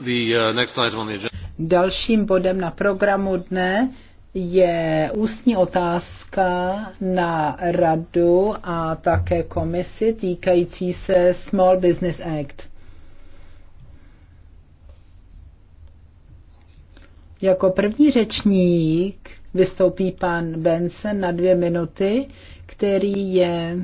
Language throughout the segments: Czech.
The, uh, next item on the agenda. Dalším bodem na programu dne je ústní otázka na radu a také komisi týkající se Small Business Act. Jako první řečník vystoupí pan Benson na dvě minuty, který je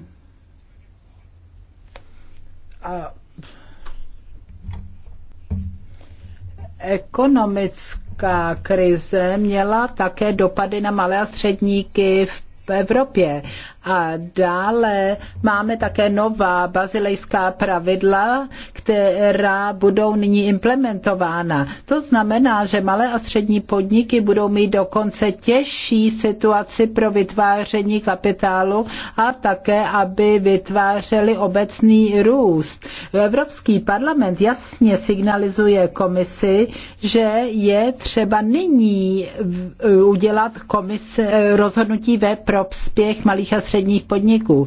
Ekonomická krize měla také dopady na malé a středníky v Evropě a dále máme také nová bazilejská pravidla, která budou nyní implementována. To znamená, že malé a střední podniky budou mít dokonce těžší situaci pro vytváření kapitálu a také, aby vytvářeli obecný růst. Evropský parlament jasně signalizuje komisi, že je třeba nyní udělat komise rozhodnutí ve prospěch malých a středních středních podniků.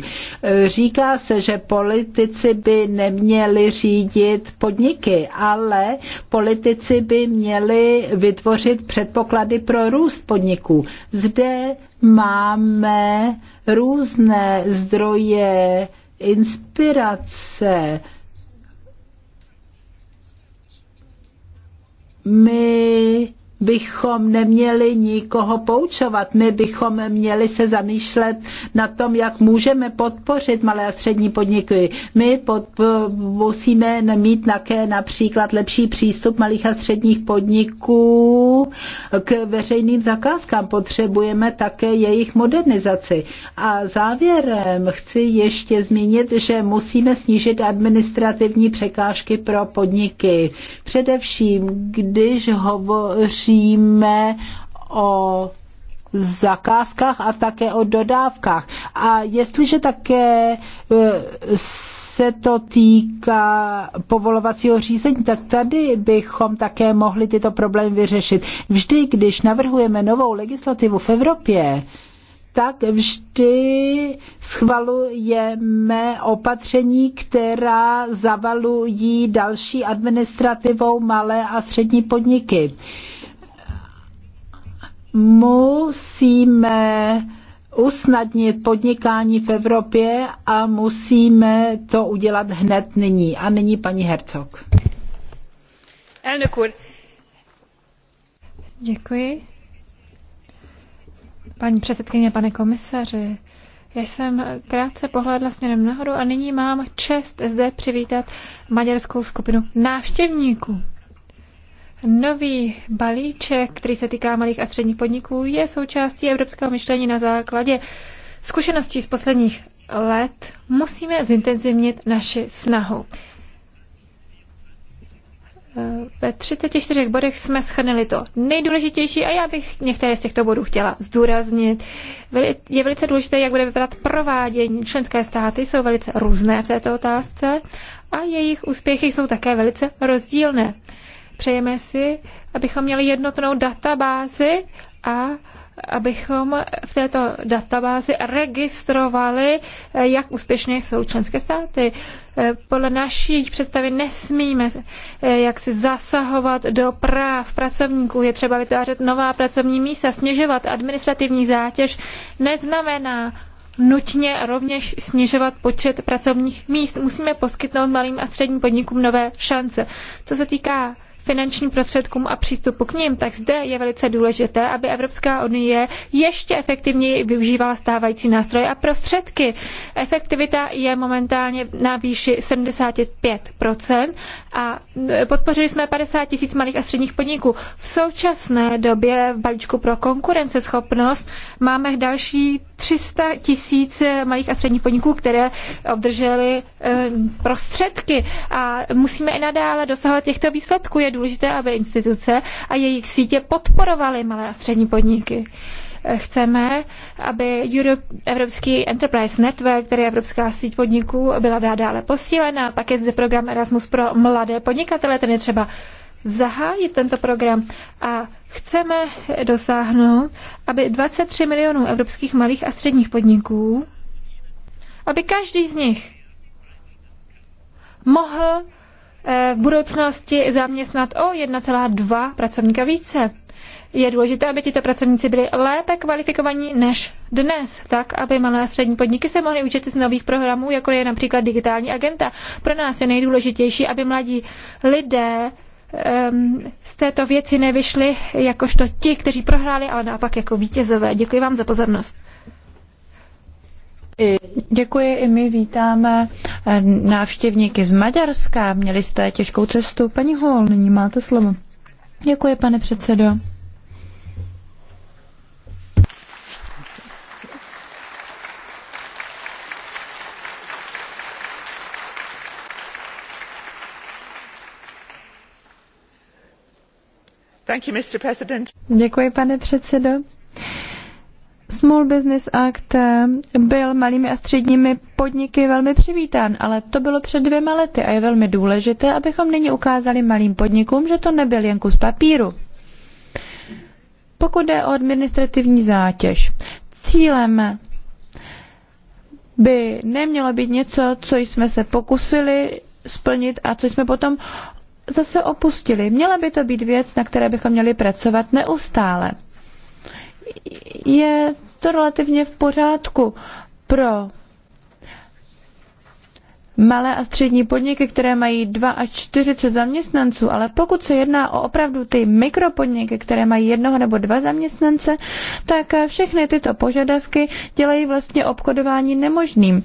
Říká se, že politici by neměli řídit podniky, ale politici by měli vytvořit předpoklady pro růst podniků. Zde máme různé zdroje inspirace. My bychom neměli nikoho poučovat. My bychom měli se zamýšlet na tom, jak můžeme podpořit malé a střední podniky. My pod, musíme mít také například lepší přístup malých a středních podniků k veřejným zakázkám. Potřebujeme také jejich modernizaci. A závěrem chci ještě zmínit, že musíme snížit administrativní překážky pro podniky. Především, když hovoří přijme o zakázkách a také o dodávkách. A jestliže také e, se to týká povolovacího řízení, tak tady bychom také mohli tyto problémy vyřešit. Vždy, když navrhujeme novou legislativu v Evropě, tak vždy schvalujeme opatření, která zavalují další administrativou malé a střední podniky. Uh, musíme usnadnit podnikání v Evropě a musíme to udělat hned nyní. A nyní paní Hercog. Děkuji. Paní předsedkyně, pane komisaři, já jsem krátce pohlédla směrem nahoru a nyní mám čest zde přivítat maďarskou skupinu návštěvníků. Nový balíček, který se týká malých a středních podniků, je součástí evropského myšlení na základě zkušeností z posledních let. Musíme zintenzivnit naši snahu. Ve 34 bodech jsme schrnili to nejdůležitější a já bych některé z těchto bodů chtěla zdůraznit. Je velice důležité, jak bude vypadat provádění. Členské státy jsou velice různé v této otázce a jejich úspěchy jsou také velice rozdílné. Přejeme si, abychom měli jednotnou databázi a abychom v této databázi registrovali, jak úspěšně jsou členské státy. Podle naší představy nesmíme jak si zasahovat do práv pracovníků. Je třeba vytvářet nová pracovní místa, snižovat administrativní zátěž. Neznamená nutně rovněž snižovat počet pracovních míst. Musíme poskytnout malým a středním podnikům nové šance. Co se týká finančním prostředkům a přístupu k ním, tak zde je velice důležité, aby Evropská unie ještě efektivněji využívala stávající nástroje a prostředky. Efektivita je momentálně na výši 75% a podpořili jsme 50 tisíc malých a středních podniků. V současné době v balíčku pro konkurenceschopnost máme další 300 tisíc malých a středních podniků, které obdržely eh, prostředky. A musíme i nadále dosahovat těchto výsledků. Je důležité, aby instituce a jejich sítě podporovaly malé a střední podniky eh, chceme, aby Europe, Evropský Enterprise Network, který je Evropská síť podniků, byla dále posílena. Pak je zde program Erasmus pro mladé podnikatele, ten je třeba zahájit tento program a chceme dosáhnout, aby 23 milionů evropských malých a středních podniků, aby každý z nich mohl eh, v budoucnosti zaměstnat o 1,2 pracovníka více. Je důležité, aby tito pracovníci byli lépe kvalifikovaní než dnes, tak aby malé a střední podniky se mohly učit z nových programů, jako je například digitální agenta. Pro nás je nejdůležitější, aby mladí lidé Ehm, z této věci nevyšli jakožto ti, kteří prohráli, ale naopak jako vítězové. Děkuji vám za pozornost. Děkuji, i my vítáme eh, návštěvníky z Maďarska. Měli jste těžkou cestu. Paní Hol, nyní máte slovo. Děkuji, pane předsedo. Děkuji, pane předsedo. Small Business Act eh, byl malými a středními podniky velmi přivítán, ale to bylo před dvěma lety a je velmi důležité, abychom nyní ukázali malým podnikům, že to nebyl jen kus papíru. Pokud jde o administrativní zátěž, cílem by nemělo být něco, co jsme se pokusili splnit a co jsme potom zase opustili. Měla by to být věc, na které bychom měli pracovat neustále. Je to relativně v pořádku pro malé a střední podniky, které mají 2 až 40 zaměstnanců, ale pokud se jedná o opravdu ty mikropodniky, které mají jednoho nebo dva zaměstnance, tak všechny tyto požadavky dělají vlastně obchodování nemožným.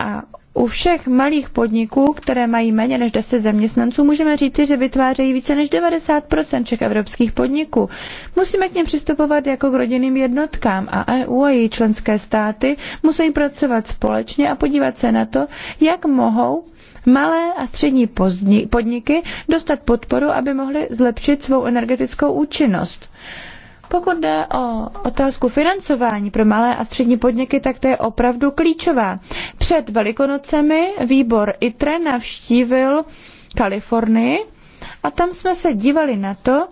A u všech malých podniků, které mají méně než 10 zaměstnanců, můžeme říci, že vytvářejí více než 90 všech evropských podniků. Musíme k nim přistupovat jako k rodinným jednotkám a EU a její členské státy musí pracovat společně a podívat se na to, jak mohou malé a střední podniky dostat podporu, aby mohly zlepšit svou energetickou účinnost. Pokud jde o otázku financování pro malé a střední podniky, tak to je opravdu klíčová. Před Velikonocemi výbor ITRE navštívil Kalifornii a tam jsme se dívali na to,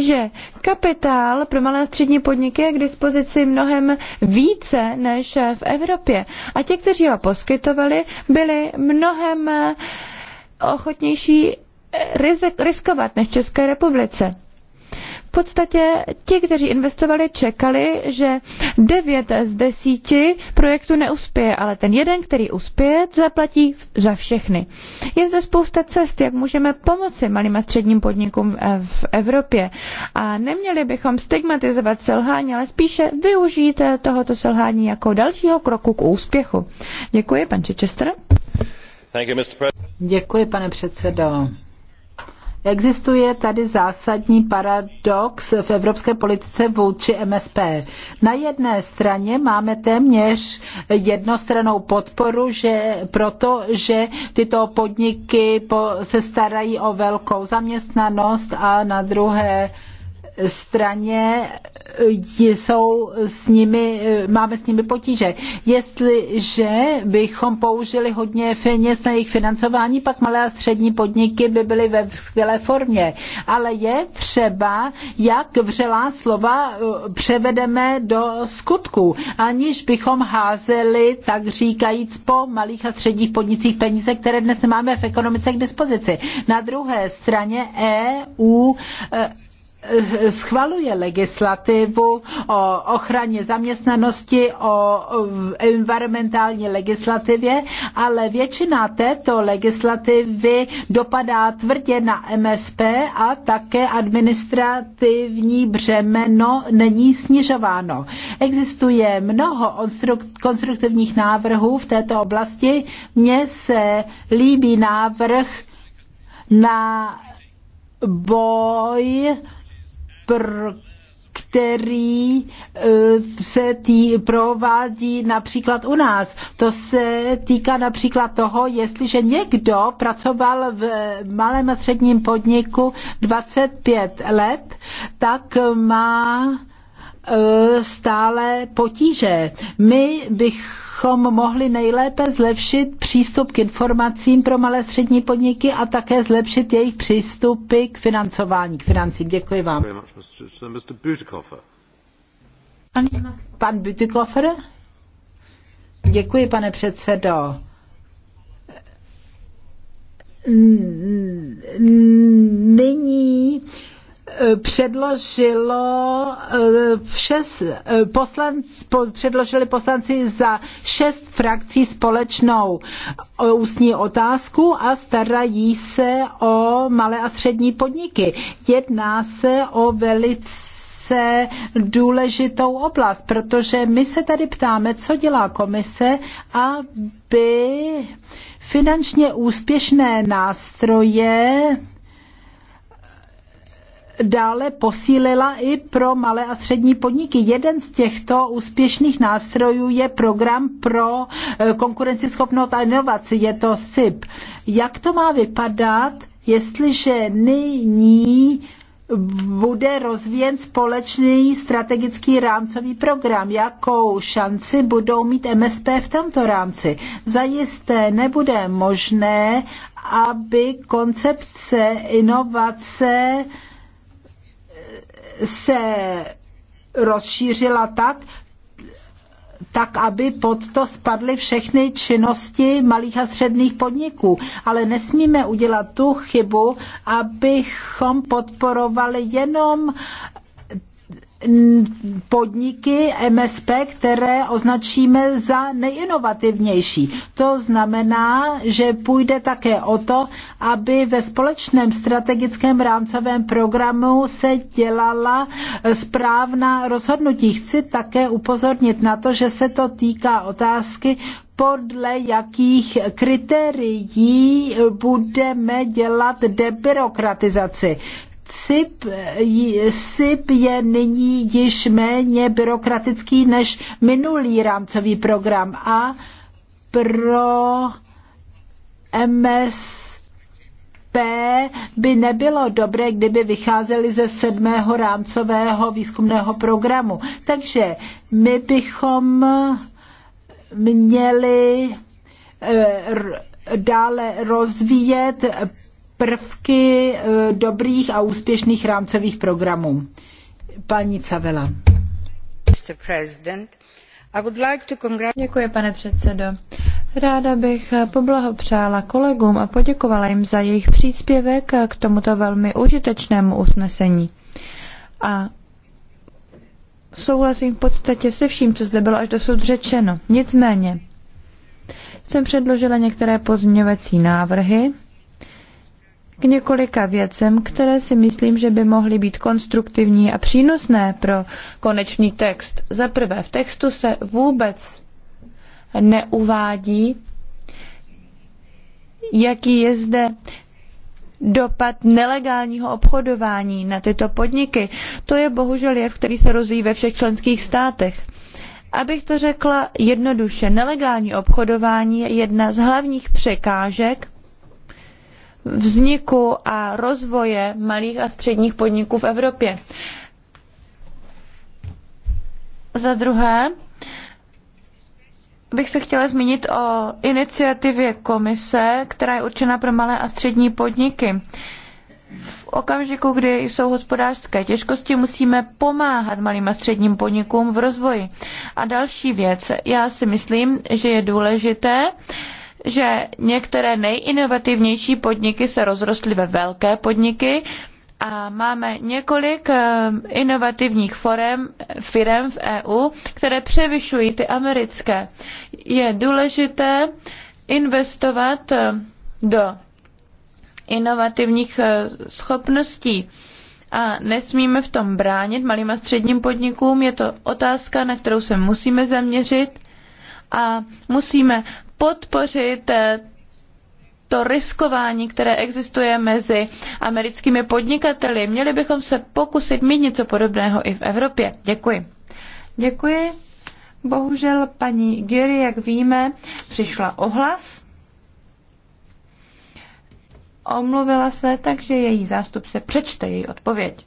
že kapitál pro malé a střední podniky je k dispozici mnohem více než v Evropě. A ti, kteří ho poskytovali, byli mnohem ochotnější rizik, riskovat než v České republice. V podstatě ti, kteří investovali, čekali, že 9 z 10 projektů neuspěje, ale ten jeden, který uspěje, zaplatí za všechny. Je zde spousta cest, jak můžeme pomoci malým a středním podnikům eh, v Evropě. A neměli bychom stigmatizovat selhání, ale spíše využít eh, tohoto selhání jako dalšího kroku k úspěchu. Děkuji, pan Chichester. Děkuji, pane předsedo. Existuje tady zásadní paradox v evropské politice vůči MSP. Na jedné straně máme téměř jednostranou podporu, že proto, že tyto podniky se starají o velkou zaměstnanost a na druhé straně eh, jsou s nimi, eh, máme s nimi potíže. Jestliže bychom použili hodně peněz na jejich financování, pak malé a střední podniky by byly ve skvělé formě. Ale je třeba, jak vřelá slova eh, převedeme do skutku, aniž bychom házeli, tak říkajíc, po malých a středních podnicích peníze, které dnes nemáme v ekonomice k dispozici. Na druhé straně EU schvaluje legislativu o ochraně zaměstnanosti, o environmentální legislativě, ale většina této legislativy dopadá tvrdě na MSP a také administrativní břemeno není snižováno. Existuje mnoho konstruktivních návrhů v této oblasti. Mně se líbí návrh na boj pr- který eh, se tý, provádí například u nás. To se týká například toho, jestliže někdo pracoval v malém a středním podniku 25 let, tak má Eh, stále potíže. My bychom mohli nejlépe zlepšit přístup k informacím pro malé střední podniky a také zlepšit jejich přístupy k financování, k financím. Děkuji vám. Pan Bütikofer? Děkuji, pane předsedo nyní předložilo eh, šest eh, poslanc, předložili poslanci za šest frakcí společnou eh, ústní otázku a starají se o malé a střední podniky. Jedná se o velice velice důležitou oblast, protože my se tady ptáme, co dělá komise, aby finančně úspěšné nástroje dále posílila i pro malé a střední podniky. Jeden z těchto úspěšných nástrojů je program pro eh, konkurenceschopnost a inovaci, je to SIP. Jak to má vypadat, jestliže nyní bude rozvíjen společný strategický rámcový program. Jakou šanci budou mít MSP v tomto rámci? Zajisté nebude možné, aby koncepce inovace se rozšířila tak, tak, aby pod to spadly všechny činnosti malých a středních podniků. Ale nesmíme udělat tu chybu, abychom podporovali jenom podniky MSP, které označíme za nejinovativnější. To znamená, že půjde také o to, aby ve společném strategickém rámcovém programu se dělala správná rozhodnutí. Chci také upozornit na to, že se to týká otázky, podle jakých kritérií budeme dělat debirokratizaci. CIP, SIP je nyní již méně byrokratický než minulý rámcový program a pro MSP by nebylo dobré, kdyby vycházeli ze sedmého rámcového výzkumného programu. Takže my bychom měli eh, dále rozvíjet prvky eh, dobrých a úspěšných rámcových programů. Paní Cavela. Děkuji, pane předsedo. Ráda bych poblahopřála kolegům a poděkovala jim za jejich příspěvek k tomuto velmi užitečnému usnesení. A souhlasím v podstatě se vším, co zde bylo až dosud řečeno. Nicméně jsem předložila některé pozměňovací návrhy, k několika věcem, které si myslím, že by mohly být konstruktivní a přínosné pro konečný text. Za prvé, v textu se vůbec neuvádí, jaký je zde dopad nelegálního obchodování na tyto podniky. To je bohužel jev, který se rozvíjí ve všech členských státech. Abych to řekla jednoduše, nelegální obchodování je jedna z hlavních překážek vzniku a rozvoje malých a středních podniků v Evropě. Za druhé bych se chtěla zmínit o iniciativě komise, která je určena pro malé a střední podniky. V okamžiku, kdy jsou hospodářské těžkosti, musíme pomáhat malým a středním podnikům v rozvoji. A další věc, já si myslím, že je důležité, že některé nejinovativnější podniky se rozrostly ve velké podniky a máme několik eh, inovativních forem, firm v EU, které převyšují ty americké. Je důležité investovat eh, do inovativních eh, schopností a nesmíme v tom bránit malým a středním podnikům. Je to otázka, na kterou se musíme zaměřit a musíme podpořit eh, to riskování, které existuje mezi americkými podnikateli. Měli bychom se pokusit mít něco podobného i v Evropě. Děkuji. Děkuji. Bohužel paní Giri, jak víme, přišla ohlas. Omluvila se, takže její zástupce přečte její odpověď.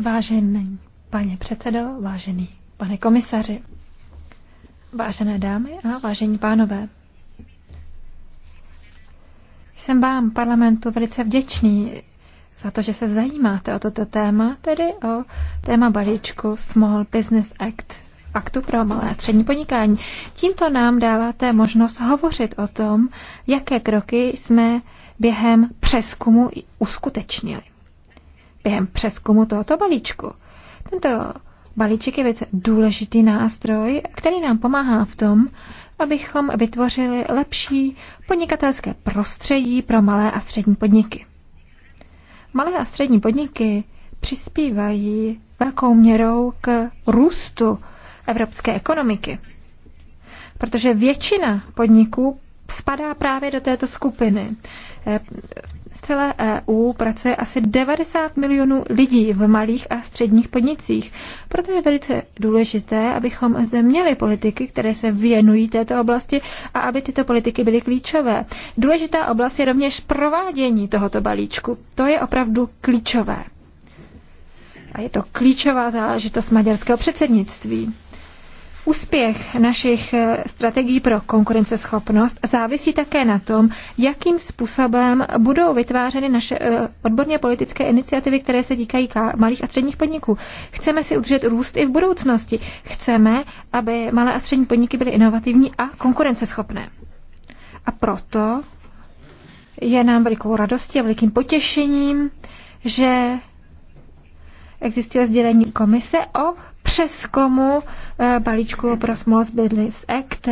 Vážený pane předsedo, vážený pane komisaři, vážené dámy a vážení pánové. Jsem vám, parlamentu, velice vděčný za to, že se zajímáte o toto téma, tedy o téma balíčku Small Business Act, aktu pro malé a střední podnikání. Tímto nám dáváte možnost hovořit o tom, jaké kroky jsme během přeskumu uskutečnili. Během přeskumu tohoto balíčku. Tento balíček je věc důležitý nástroj, který nám pomáhá v tom, abychom vytvořili lepší podnikatelské prostředí pro malé a střední podniky. Malé a střední podniky přispívají velkou měrou k růstu evropské ekonomiky, protože většina podniků spadá právě do této skupiny v celé EU pracuje asi 90 milionů lidí v malých a středních podnicích. Proto je velice důležité, abychom zde měli politiky, které se věnují této oblasti a aby tyto politiky byly klíčové. Důležitá oblast je rovněž provádění tohoto balíčku. To je opravdu klíčové. A je to klíčová záležitost maďarského předsednictví. Úspěch našich eh, strategií pro konkurenceschopnost závisí také na tom, jakým způsobem budou vytvářeny naše eh, odborně politické iniciativy, které se týkají malých a středních podniků. Chceme si udržet růst i v budoucnosti. Chceme, aby malé a střední podniky byly inovativní a konkurenceschopné. A proto je nám velikou radostí a velikým potěšením, že existuje sdělení komise o přeskomu eh, balíčku pro Small Business Act.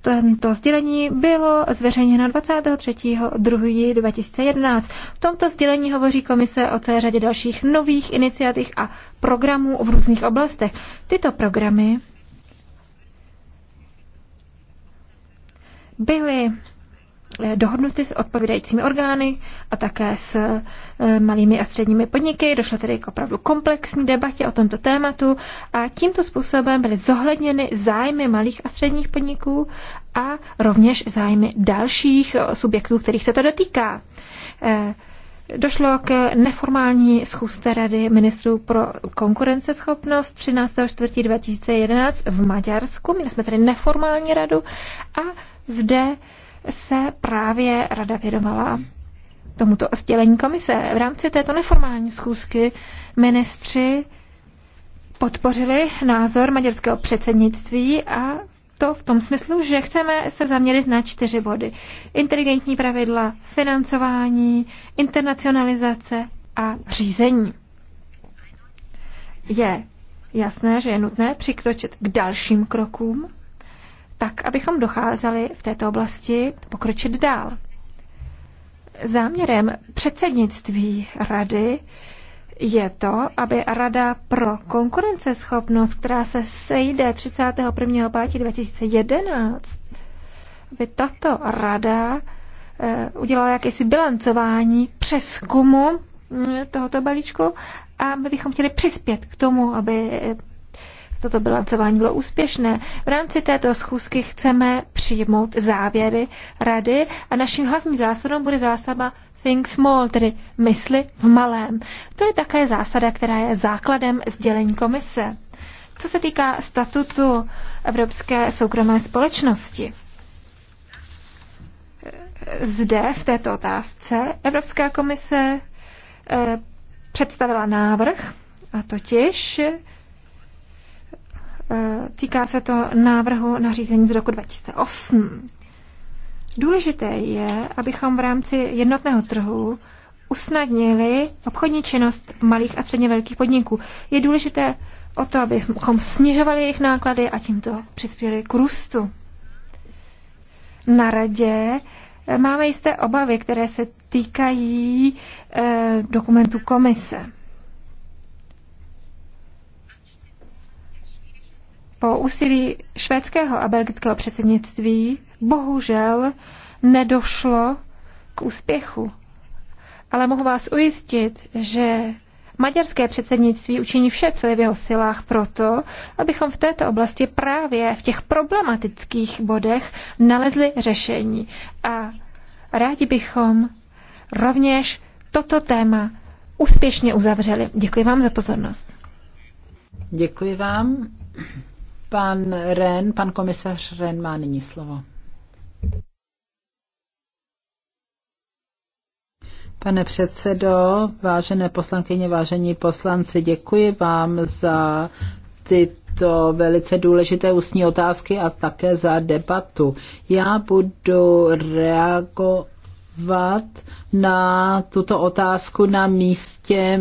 Tento sdělení bylo zveřejněno 23.2.2011. V tomto sdělení hovoří komise o celé řadě dalších nových iniciativ a programů v různých oblastech. Tyto programy byly Eh, dohodnuty s odpovídajícími orgány a také s eh, malými a středními podniky. Došlo tedy k opravdu komplexní debatě o tomto tématu a tímto způsobem byly zohledněny zájmy malých a středních podniků a rovněž zájmy dalších eh, subjektů, kterých se to dotýká. Došlo k neformální schůzce Rady ministrů pro konkurenceschopnost 13. 2011 v Maďarsku. Měli jsme tady neformální radu a zde se právě rada vědovala tomuto sdělení komise. V rámci této neformální schůzky ministři podpořili názor maďarského předsednictví a to v tom smyslu, že chceme se zaměřit na čtyři body. Inteligentní pravidla, financování, internacionalizace a řízení. Je jasné, že je nutné přikročit k dalším krokům, tak abychom docházeli v této oblasti pokročit dál. Záměrem předsednictví rady je to, aby Rada pro konkurenceschopnost, která se sejde 31.5.2011, aby tato rada eh, udělala jakési bilancování přeskumu mm, tohoto balíčku a my bychom chtěli přispět k tomu, aby eh, toto bilancování bylo úspěšné. V rámci této schůzky chceme přijmout závěry rady a naším hlavním zásadou bude zásada Think Small, tedy mysli v malém. To je také zásada, která je základem sdělení komise. Co se týká statutu Evropské soukromé společnosti, zde v této otázce Evropská komise eh, představila návrh, a totiž Eh, týká se to návrhu nařízení z roku 2008. Důležité je, abychom v rámci jednotného trhu usnadnili obchodní činnost malých a středně velkých podniků. Je důležité o to, abychom snižovali jejich náklady a tímto přispěli k růstu. Na radě eh, máme jisté obavy, které se týkají eh, dokumentu komise. po úsilí švédského a belgického předsednictví bohužel nedošlo k úspěchu. Ale mohu vás ujistit, že maďarské předsednictví učiní vše, co je v jeho silách proto, abychom v této oblasti právě v těch problematických bodech nalezli řešení. A rádi bychom rovněž toto téma úspěšně uzavřeli. Děkuji vám za pozornost. Děkuji vám. Pan Ren, pan komisař Ren má nyní slovo. Pane předsedo, vážené poslankyně, vážení poslanci, děkuji vám za tyto velice důležité ústní otázky a také za debatu. Já budu reagovat reagovat na tuto otázku na místě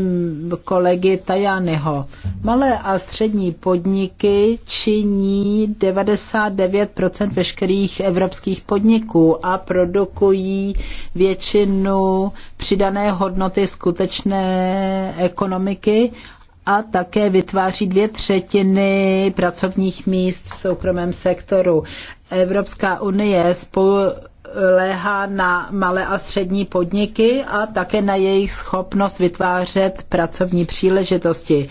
kolegy Tajaneho. Malé a střední podniky činí 99% veškerých evropských podniků a produkují většinu přidané hodnoty skutečné ekonomiky a také vytváří dvě třetiny pracovních míst v soukromém sektoru. Evropská unie spolu léhá na malé a střední podniky a také na jejich schopnost vytvářet pracovní příležitosti.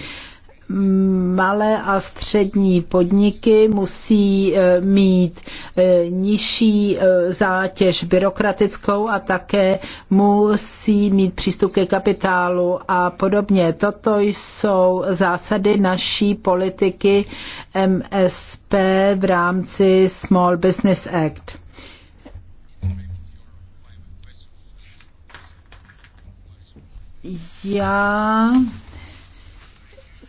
Malé a střední podniky musí e, mít e, nižší e, zátěž byrokratickou a také musí mít přístup ke kapitálu a podobně. Toto jsou zásady naší politiky MSP v rámci Small Business Act Já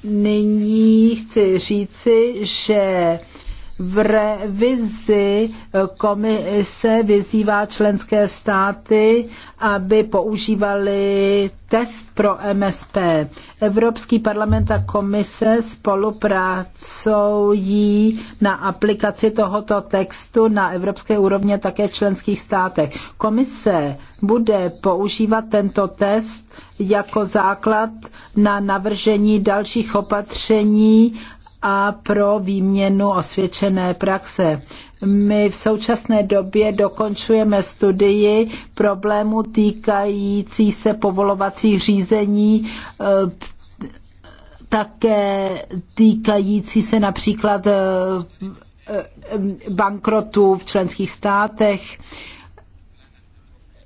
nyní chci říci, že v revizi eh, komise vyzývá členské státy, aby používali test pro MSP. Evropský parlament a komise spolupracují na aplikaci tohoto textu na evropské úrovně také v členských státech. Komise bude používat tento test jako základ na navržení dalších opatření a pro výměnu osvědčené praxe. My v současné době dokončujeme studii problému týkající se povolovacích řízení eh, také týkající se například eh, bankrotů v členských státech.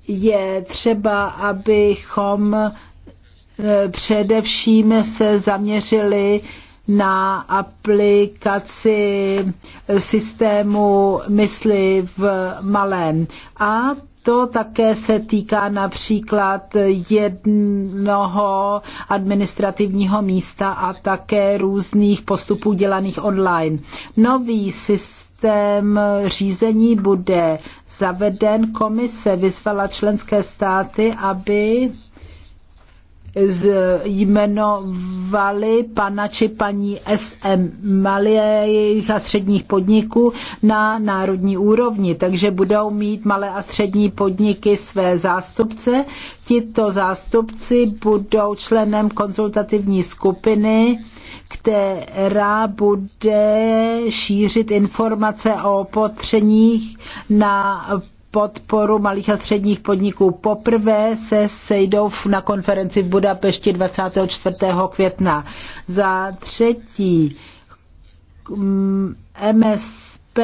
Je třeba, abychom eh, především se zaměřili na aplikaci systému mysli v malém. A to také se týká například jednoho administrativního místa a také různých postupů dělaných online. Nový systém řízení bude zaveden. Komise vyzvala členské státy, aby jmenovali pana či paní SM malých a středních podniků na národní úrovni, takže budou mít malé a střední podniky své zástupce. Tito zástupci budou členem konzultativní skupiny, která bude šířit informace o opatřeních na podporu malých a středních podniků. Poprvé se sejdou na konferenci v Budapešti 24. května. Za třetí MSP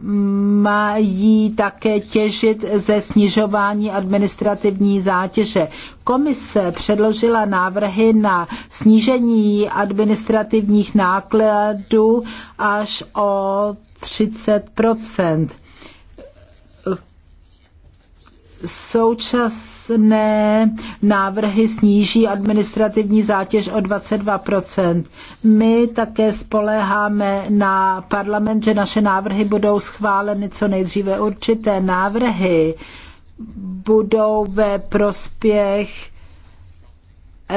mm, mají také těžit ze snižování administrativní zátěže. Komise předložila návrhy na snížení administrativních nákladů až o 30 Současné návrhy sníží administrativní zátěž o 22 My také spoléháme na parlament, že naše návrhy budou schváleny co nejdříve. Určité návrhy budou ve prospěch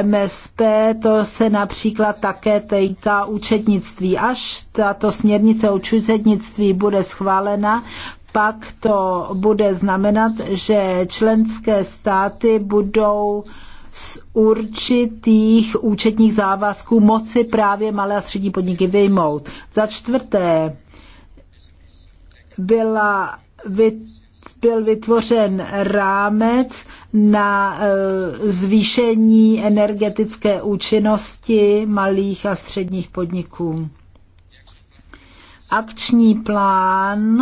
MSP, to se například také týká účetnictví. Až tato směrnice o účetnictví bude schválena, pak to bude znamenat, že členské státy budou z určitých účetních závazků moci právě malé a střední podniky vyjmout. Za čtvrté byla byl vytvořen rámec na e, zvýšení energetické účinnosti malých a středních podniků. Akční plán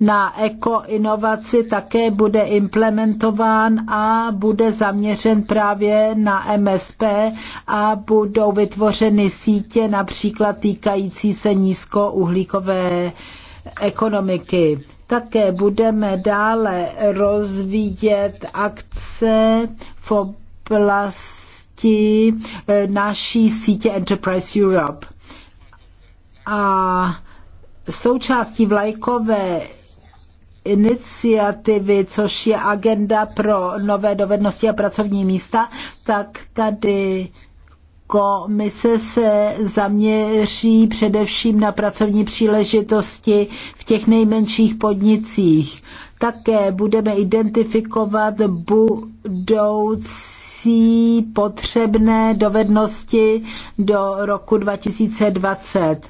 na ekoinovaci také bude implementován a bude zaměřen právě na MSP a budou vytvořeny sítě například týkající se nízkouhlíkové ekonomiky. Také budeme dále rozvíjet akce v oblasti eh, naší sítě Enterprise Europe. A součástí vlajkové iniciativy, což je agenda pro nové dovednosti a pracovní místa, tak tady komise se zaměří především na pracovní příležitosti v těch nejmenších podnicích. Také budeme identifikovat budoucí potřebné dovednosti do roku 2020.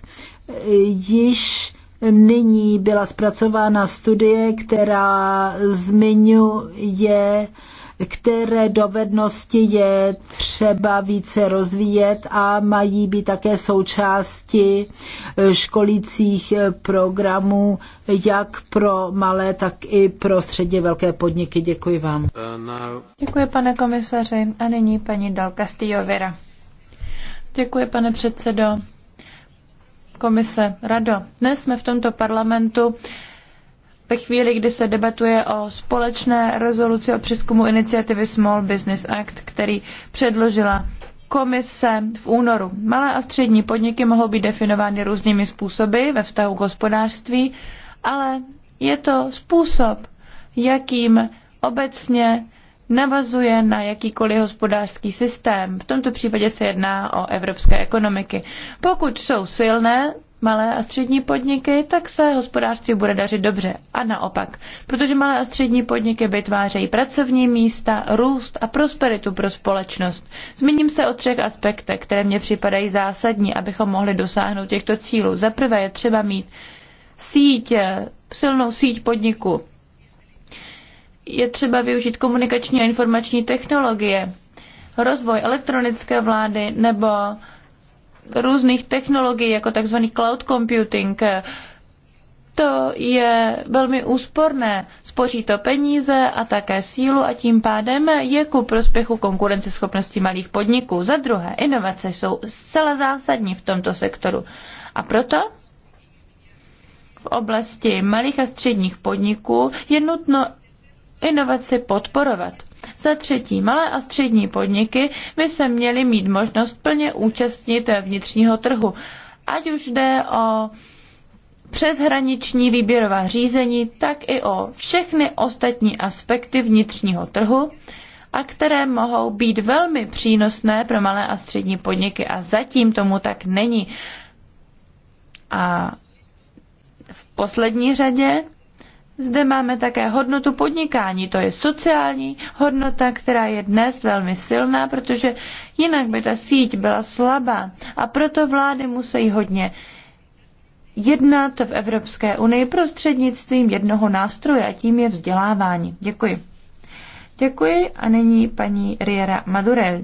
Již nyní byla zpracována studie, která zmiňuje které dovednosti je třeba více rozvíjet a mají být také součásti školících programů jak pro malé, tak i pro středně velké podniky. Děkuji vám. Děkuji, pane komisaři. A nyní paní Dalka Stijovira. Děkuji, pane předsedo komise, rado, dnes jsme v tomto parlamentu ve chvíli, kdy se debatuje o společné rezoluci o přeskumu iniciativy Small Business Act, který předložila komise v únoru. Malé a střední podniky mohou být definovány různými způsoby ve vztahu k hospodářství, ale je to způsob, jakým obecně navazuje na jakýkoliv hospodářský systém. V tomto případě se jedná o evropské ekonomiky. Pokud jsou silné, malé a střední podniky, tak se hospodářství bude dařit dobře. A naopak, protože malé a střední podniky vytvářejí pracovní místa, růst a prosperitu pro společnost. Zmíním se o třech aspektech, které mě připadají zásadní, abychom mohli dosáhnout těchto cílů. Za prvé je třeba mít síť, silnou síť podniků je třeba využít komunikační a informační technologie, rozvoj elektronické vlády nebo různých technologií, jako tzv. cloud computing. To je velmi úsporné. Spoří to peníze a také sílu a tím pádem je ku prospěchu konkurenceschopnosti malých podniků. Za druhé, inovace jsou zcela zásadní v tomto sektoru. A proto v oblasti malých a středních podniků je nutno inovaci podporovat. Za třetí, malé a střední podniky by se měly mít možnost plně účastnit vnitřního trhu, ať už jde o přeshraniční výběrová řízení, tak i o všechny ostatní aspekty vnitřního trhu, a které mohou být velmi přínosné pro malé a střední podniky a zatím tomu tak není. A v poslední řadě zde máme také hodnotu podnikání, to je sociální hodnota, která je dnes velmi silná, protože jinak by ta síť byla slabá a proto vlády musí hodně jednat v Evropské unii prostřednictvím jednoho nástroje a tím je vzdělávání. Děkuji. Děkuji a nyní paní Riera Madurel.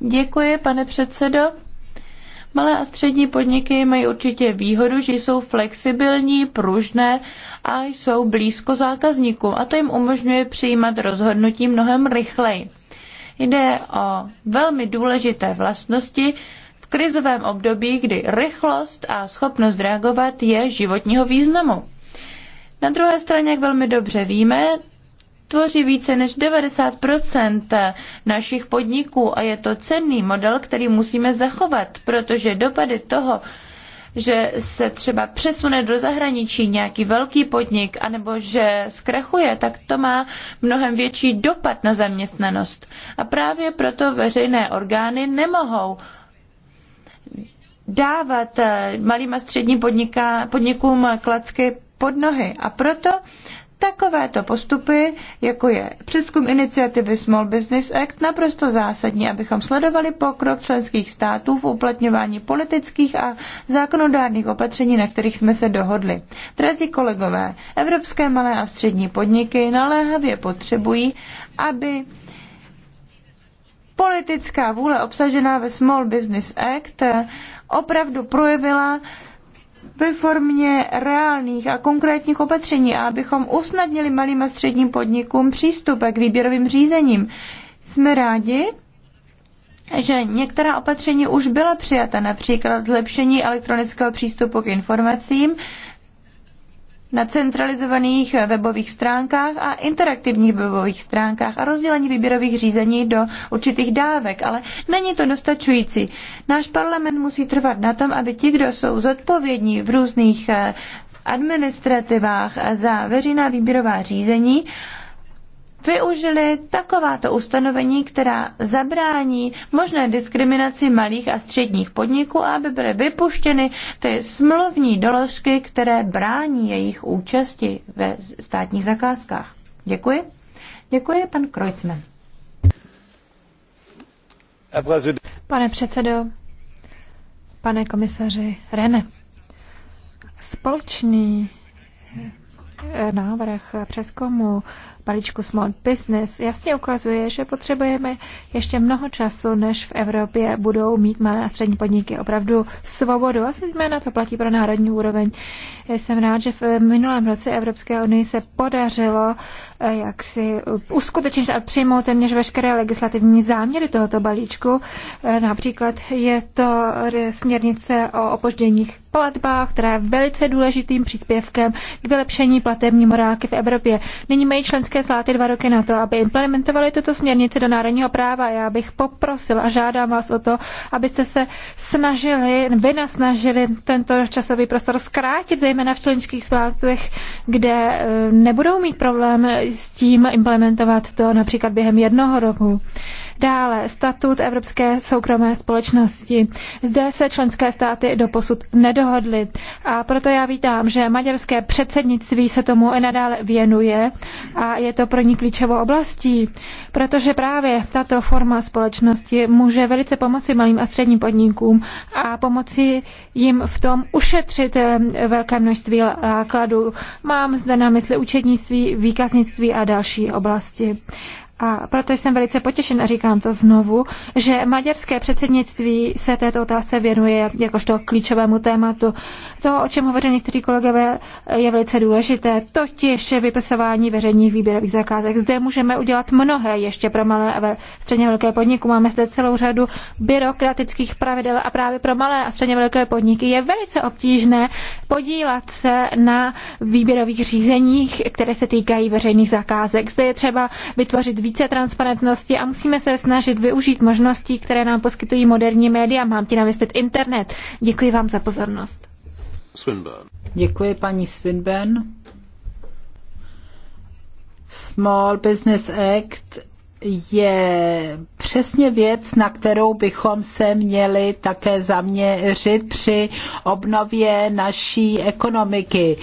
Děkuji, pane předsedo. Malé a střední podniky mají určitě výhodu, že jsou flexibilní, pružné a jsou blízko zákazníkům a to jim umožňuje přijímat rozhodnutí mnohem rychleji. Jde o velmi důležité vlastnosti v krizovém období, kdy rychlost a schopnost reagovat je životního významu. Na druhé straně, jak velmi dobře víme, tvoří více než 90 našich podniků a je to cenný model, který musíme zachovat, protože dopady toho, že se třeba přesune do zahraničí nějaký velký podnik, anebo že zkrachuje, tak to má mnohem větší dopad na zaměstnanost. A právě proto veřejné orgány nemohou dávat malým a středním podnikům klacky pod nohy. A proto takovéto postupy, jako je přeskum iniciativy Small Business Act, naprosto zásadní, abychom sledovali pokrok členských států v uplatňování politických a zákonodárných opatření, na kterých jsme se dohodli. Drazí kolegové, evropské malé a střední podniky naléhavě potřebují, aby politická vůle obsažená ve Small Business Act opravdu projevila ve formě reálných a konkrétních opatření a abychom usnadnili malým a středním podnikům přístup k výběrovým řízením. Jsme rádi, že některá opatření už byla přijata, například zlepšení elektronického přístupu k informacím na centralizovaných webových stránkách a interaktivních webových stránkách a rozdělení výběrových řízení do určitých dávek, ale není to dostačující. Náš parlament musí trvat na tom, aby ti, kdo jsou zodpovědní v různých eh, administrativách za veřejná výběrová řízení, využili takováto ustanovení, která zabrání možné diskriminaci malých a středních podniků, aby byly vypuštěny ty smluvní doložky, které brání jejich účasti ve státních zakázkách. Děkuji. Děkuji, pan Krojcman. Pane předsedo, pane komisaři Rene, společný návrh přeskomu balíčku Small Business jasně ukazuje, že potřebujeme ještě mnoho času, než v Evropě budou mít malé a střední podniky opravdu svobodu. A zejména to platí pro národní úroveň. Jsem rád, že v minulém roce Evropské unii se podařilo Eh, jak si uskutečnit a přijmout téměř veškeré legislativní záměry tohoto balíčku. Eh, například je to směrnice o opožděních platbách, která je velice důležitým příspěvkem k vylepšení platební morálky v Evropě. Nyní mají členské státy dva roky na to, aby implementovali tuto směrnici do národního práva. Já bych poprosil a žádám vás o to, abyste se snažili, vynasnažili tento časový prostor zkrátit, zejména v členských státech, kde eh, nebudou mít problém s tím implementovat to například během jednoho roku. Dále statut Evropské soukromé společnosti. Zde se členské státy doposud nedohodly a proto já vítám, že maďarské předsednictví se tomu i nadále věnuje a je to pro ní klíčovou oblastí, protože právě tato forma společnosti může velice pomoci malým a středním podnikům a pomoci jim v tom ušetřit eh, velké množství nákladů. Mám zde na mysli účetnictví, výkaznictví a další oblasti a proto jsem velice potěšen a říkám to znovu, že maďarské předsednictví se této otázce věnuje jakožto klíčovému tématu. To, o čem hovořili někteří kolegové, je velice důležité, totiž vypisování veřejných výběrových zakázek. Zde můžeme udělat mnohé ještě pro malé a středně velké podniky. Máme zde celou řadu byrokratických pravidel a právě pro malé a středně velké podniky je velice obtížné podílat se na výběrových řízeních, které se týkají veřejných zakázek. Zde je třeba vytvořit více transparentnosti a musíme se snažit využít možností, které nám poskytují moderní média, mám ti na internet. Děkuji vám za pozornost. Swinburne. Děkuji paní Swinburne. Small Business Act je přesně věc, na kterou bychom se měli také zaměřit při obnově naší ekonomiky.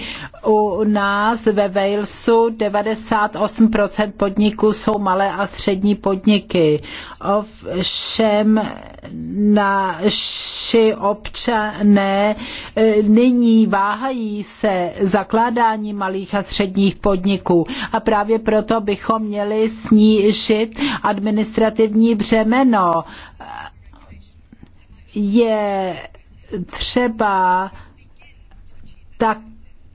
U nás ve Walesu 98% podniků jsou malé a střední podniky. Ovšem naši občané e, nyní váhají se zakládání malých a středních podniků a právě proto bychom měli snížit administrativní břemeno. Je třeba tak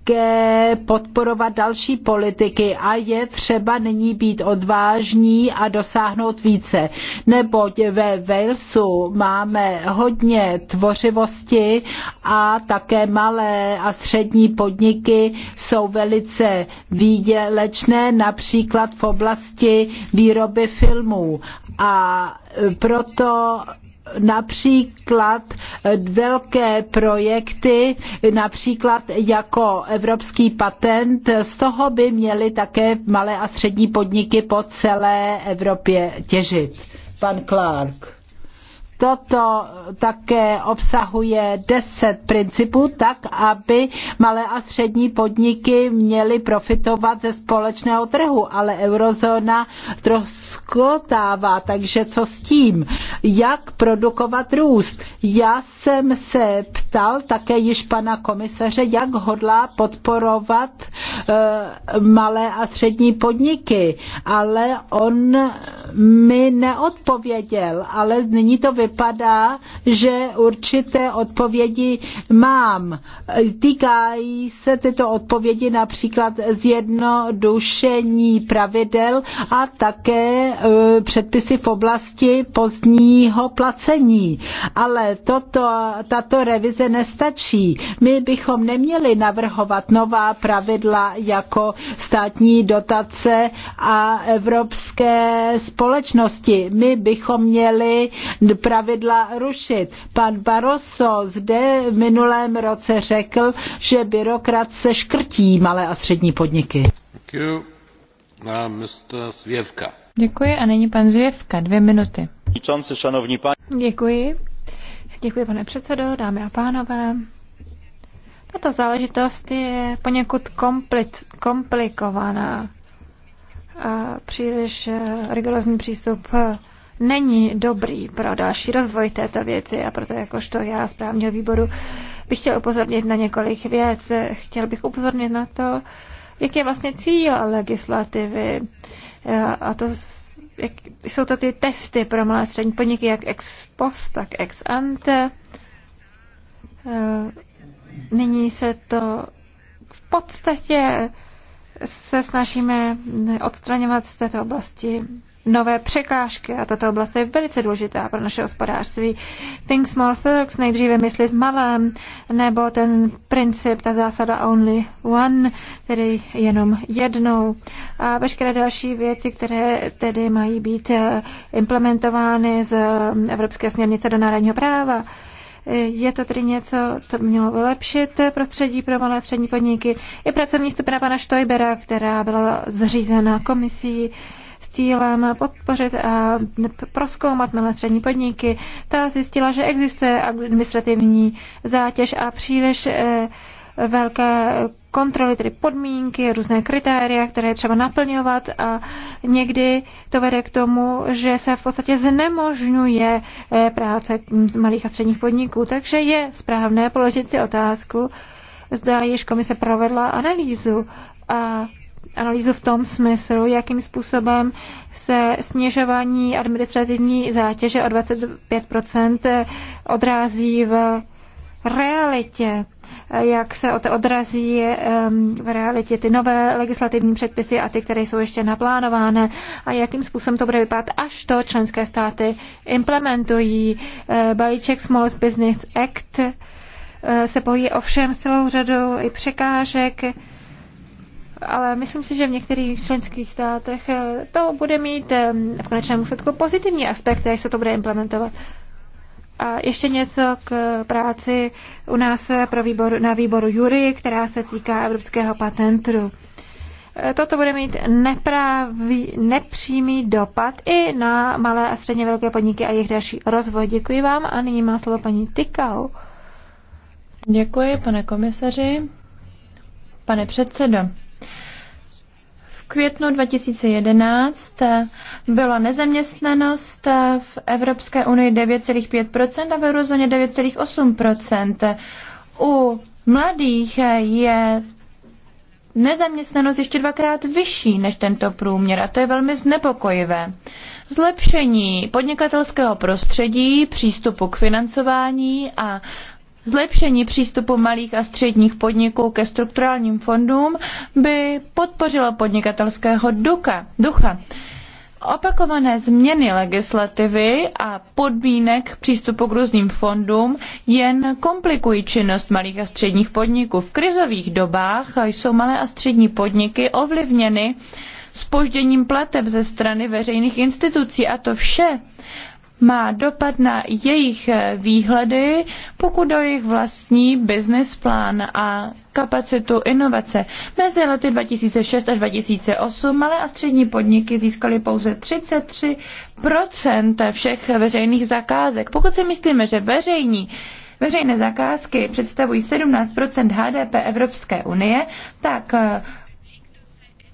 také podporovat další politiky a je třeba nyní být odvážní a dosáhnout více. Neboť ve Walesu máme hodně tvořivosti a také malé a střední podniky jsou velice výdělečné, například v oblasti výroby filmů. A proto například eh, velké projekty, například jako evropský patent, z toho by měly také malé a střední podniky po celé Evropě těžit. Pan Clark. Toto také obsahuje 10 principů, tak aby malé a střední podniky měly profitovat ze společného trhu, ale eurozóna troskotává, takže co s tím? Jak produkovat růst? Já jsem se ptal také již pana komisaře, jak hodlá podporovat eh, malé a střední podniky, ale on mi neodpověděl, ale nyní to vypadá, vypadá, že určité odpovědi mám. Týkají se tyto odpovědi například zjednodušení pravidel a také e, předpisy v oblasti pozdního placení. Ale toto, tato revize nestačí. My bychom neměli navrhovat nová pravidla jako státní dotace a evropské společnosti. My bychom měli pra- pravidla rušit. Pan Barroso zde v minulém roce řekl, že byrokrat se škrtí malé a střední podniky. Děkuji a nyní pan Zvěvka, dvě minuty. Děkuji. Děkuji, pane předsedo, dámy a pánové. Tato záležitost je poněkud komplic, komplikovaná. A příliš eh, rigorózní přístup eh, není dobrý pro další rozvoj této věci a proto jakožto já z právního výboru bych chtěl upozornit na několik věc. Chtěl bych upozornit na to, jak je vlastně cíl legislativy a to jak, jsou to ty testy pro malé střední podniky, jak ex post, tak ex ante. Nyní se to v podstatě se snažíme odstraňovat z této oblasti nové překážky a tato oblast je velice důležitá pro naše hospodářství. Think small first, nejdříve myslit malém, nebo ten princip, ta zásada only one, tedy jenom jednou. A veškeré další věci, které tedy mají být eh, implementovány z Evropské směrnice do národního práva. Eh, je to tedy něco, co mělo vylepšit prostředí pro malé střední podniky. I pracovní skupina pana Štojbera, která byla zřízena komisí, cílem podpořit a proskoumat malé střední podniky. Ta zjistila, že existuje administrativní zátěž a příliš eh, velké kontroly, tedy podmínky, různé kritéria, které je třeba naplňovat a někdy to vede k tomu, že se v podstatě znemožňuje eh, práce malých a středních podniků. Takže je správné položit si otázku, zda již komise provedla analýzu a analýzu v tom smyslu, jakým způsobem se snižování administrativní zátěže o 25% odrází v realitě, jak se o to odrazí v realitě ty nové legislativní předpisy a ty, které jsou ještě naplánované a jakým způsobem to bude vypadat, až to členské státy implementují. E, balíček Small Business Act e, se pojí ovšem s celou řadou i překážek, ale myslím si, že v některých členských státech eh, to bude mít eh, v konečném důsledku pozitivní aspekty, až se to bude implementovat. A ještě něco k práci u nás eh, pro výbor, na výboru Jury, která se týká evropského patentu. Toto bude mít nepravý, nepřímý dopad i na malé a středně velké podniky a jejich další rozvoj. Děkuji vám a nyní má slovo paní Tykau. Děkuji, pane komisaři. Pane předsedo, květnu 2011 eh, byla nezaměstnanost eh, v Evropské unii 9,5% a v eurozóně 9,8%. U mladých eh, je nezaměstnanost ještě dvakrát vyšší než tento průměr a to je velmi znepokojivé. Zlepšení podnikatelského prostředí, přístupu k financování a zlepšení přístupu malých a středních podniků ke strukturálním fondům by podpořilo podnikatelského ducha. Opakované změny legislativy a podmínek přístupu k různým fondům jen komplikují činnost malých a středních podniků. V krizových dobách jsou malé a střední podniky ovlivněny spožděním plateb ze strany veřejných institucí a to vše má dopad na jejich výhledy, pokud o jejich vlastní business plán a kapacitu inovace. Mezi lety 2006 až 2008 malé a střední podniky získaly pouze 33 všech veřejných zakázek. Pokud si myslíme, že veřejní veřejné zakázky představují 17 HDP Evropské unie, tak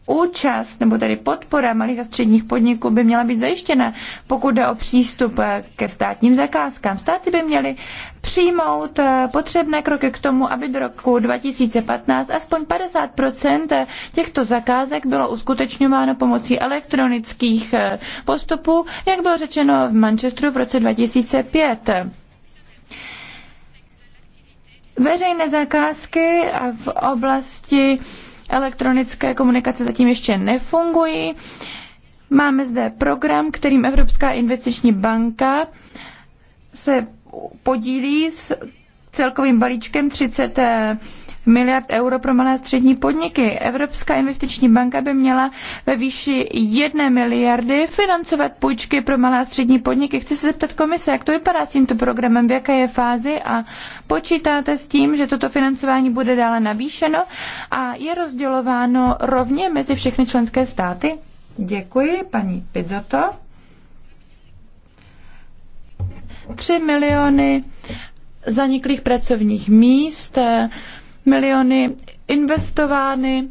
účast nebo tedy podpora malých a středních podniků by měla být zajištěna, pokud jde o přístup eh, ke státním zakázkám. Státy by měly přijmout eh, potřebné kroky k tomu, aby do roku 2015 aspoň 50 eh, těchto zakázek bylo uskutečňováno pomocí elektronických postupů, jak bylo řečeno v Manchesteru v roce 2005. Veřejné zakázky v oblasti elektronické komunikace zatím ještě nefungují. Máme zde program, kterým Evropská investiční banka se podílí s celkovým balíčkem 30 miliard euro pro malé a střední podniky. Evropská investiční banka by měla ve výši jedné miliardy financovat půjčky pro malé a střední podniky. Chci se zeptat komise, jak to vypadá s tímto programem, v jaké je fázi a počítáte s tím, že toto financování bude dále navýšeno a je rozdělováno rovně mezi všechny členské státy? Děkuji, paní Pizzoto. 3 miliony zaniklých pracovních míst, miliony investovány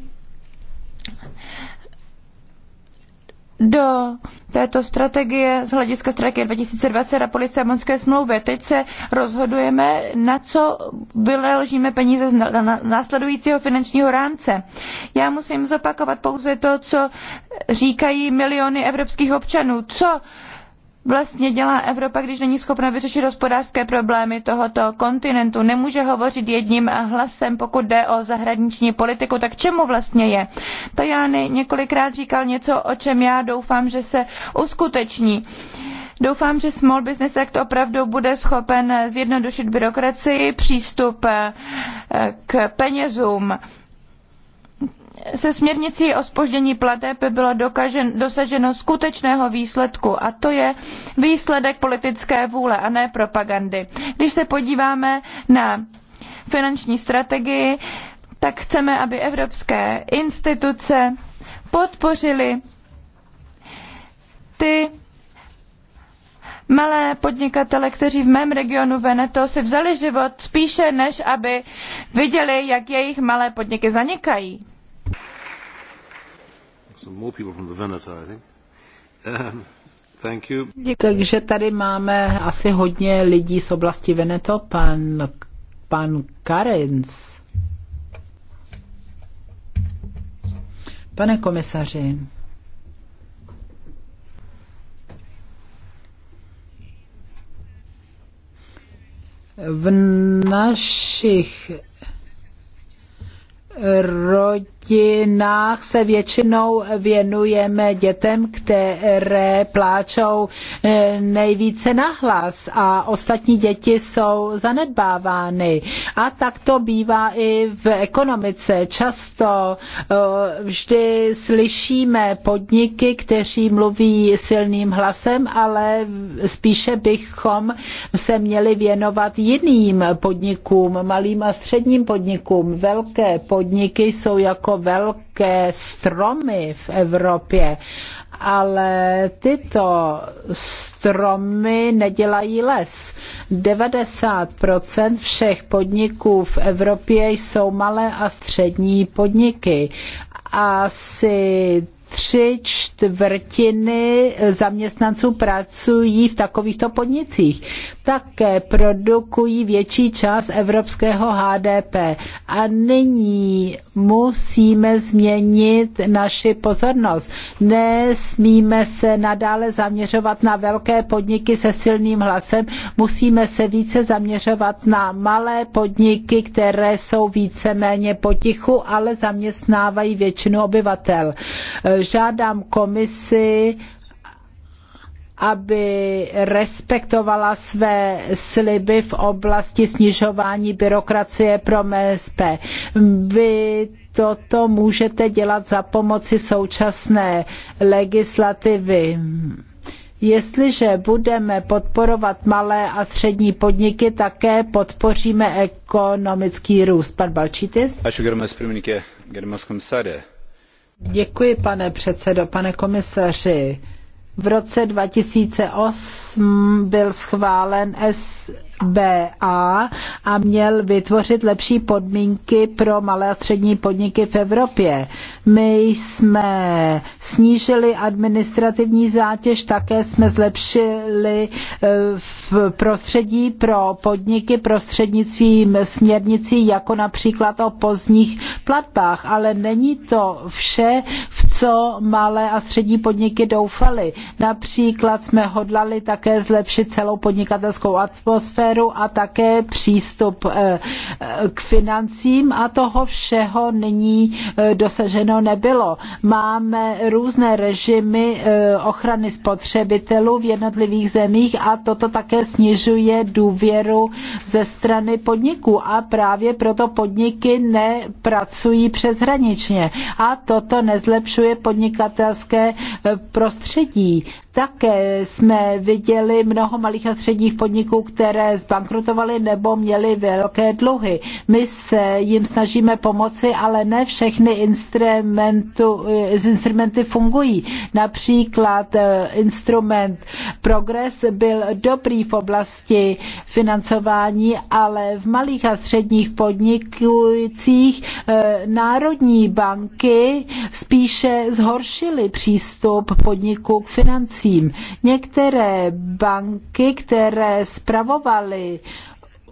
do této strategie z hlediska strategie 2020 a polisamonské smlouvy. Teď se rozhodujeme, na co vyložíme peníze z následujícího finančního rámce. Já musím zopakovat pouze to, co říkají miliony evropských občanů. Co vlastně dělá Evropa, když není schopna vyřešit hospodářské problémy tohoto kontinentu? Nemůže hovořit jedním hlasem, pokud jde o zahraniční politiku, tak čemu vlastně je? Tajány několikrát říkal něco, o čem já doufám, že se uskuteční. Doufám, že Small Business Act opravdu bude schopen zjednodušit byrokracii, přístup eh, k penězům, se směrnicí o zpoždění plateb bylo dokažen, dosaženo skutečného výsledku a to je výsledek politické vůle a ne propagandy. Když se podíváme na finanční strategii, tak chceme, aby evropské instituce podpořily ty malé podnikatele, kteří v mém regionu Veneto si vzali život spíše, než aby viděli, jak jejich malé podniky zanikají. Um, Takže tady máme asi hodně lidí z oblasti Veneto, pan, pan Karens. Pane komisaři, v našich rodinách hodinách se většinou věnujeme dětem, které pláčou eh, nejvíce nahlas a ostatní děti jsou zanedbávány. A tak to bývá i v ekonomice. Často eh, vždy slyšíme podniky, kteří mluví silným hlasem, ale spíše bychom se měli věnovat jiným podnikům, malým a středním podnikům. Velké podniky jsou jako jako velké stromy v Evropě, ale tyto stromy nedělají les. 90% všech podniků v Evropě jsou malé a střední podniky. Asi tři čtvrtiny zaměstnanců pracují v takovýchto podnicích. Také produkují větší část evropského HDP. A nyní musíme změnit naši pozornost. Nesmíme se nadále zaměřovat na velké podniky se silným hlasem. Musíme se více zaměřovat na malé podniky, které jsou víceméně potichu, ale zaměstnávají většinu obyvatel žádám komisi, aby respektovala své sliby v oblasti snižování byrokracie pro MSP. Vy toto můžete dělat za pomoci současné legislativy. Jestliže budeme podporovat malé a střední podniky, také podpoříme ekonomický růst. Pan Balčítis? Ačiū, gerbiamas pirmininkė, gerbiamas komisarė. Děkuji, pane předsedo, pane komisaři. V roce 2008 byl schválen SBA a měl vytvořit lepší podmínky pro malé a střední podniky v Evropě. My jsme snížili administrativní zátěž, také jsme zlepšili eh, v prostředí pro podniky prostřednictvím směrnicí, jako například o pozdních platbách, ale není to vše. V co malé a střední podniky doufaly. Například jsme hodlali také zlepšit celou podnikatelskou atmosféru a také přístup eh, eh, k financím a toho všeho nyní eh, dosaženo nebylo. Máme různé režimy ochrany spotřebitelů v jednotlivých zemích a toto také snižuje důvěru ze strany podniků a právě proto podniky nepracují přeshraničně a toto nezlepšuje podnikatelské eh, prostředí. Také jsme viděli mnoho malých a středních podniků, které zbankrutovaly nebo měly velké dluhy. My se jim snažíme pomoci, ale ne všechny instrumentu, instrumenty fungují. Například eh, instrument Progress byl dobrý v oblasti financování, ale v malých a středních podnikujících eh, národní banky spíše zhoršily přístup podniků k financím financím. Některé banky, které spravovaly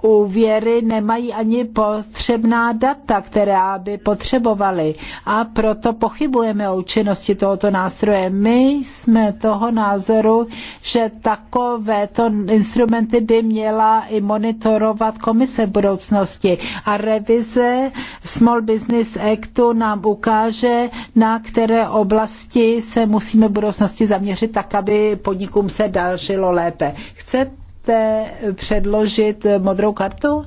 úvěry nemají ani potřebná data, která by potřebovali. A proto pochybujeme o účinnosti tohoto nástroje. My jsme toho názoru, že takovéto instrumenty by měla i monitorovat komise v budoucnosti. A revize Small Business Actu nám ukáže, na které oblasti se musíme v budoucnosti zaměřit tak, aby podnikům se dařilo lépe. Chcete chcete předložit modrou kartu?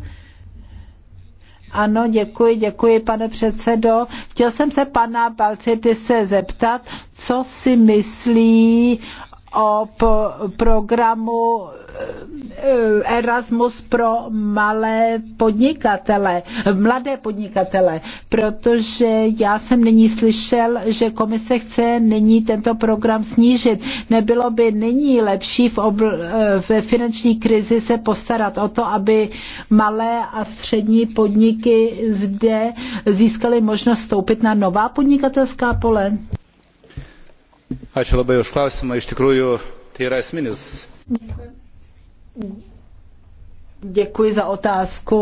Ano, děkuji, děkuji, pane předsedo. Chtěl jsem se pana Balcity se zeptat, co si myslí o programu eh, Erasmus pro malé podnikatele, mladé podnikatele, protože já jsem nyní slyšel, že komise chce nyní tento program snížit. Nebylo by nyní lepší v obl- eh, ve finanční krizi se postarat o to, aby malé a střední podniky zde získaly možnost vstoupit na nová podnikatelská pole? Ačiū labai už klausimą. Iš tikrųjų, tai yra esminis. Děkuji za otázku.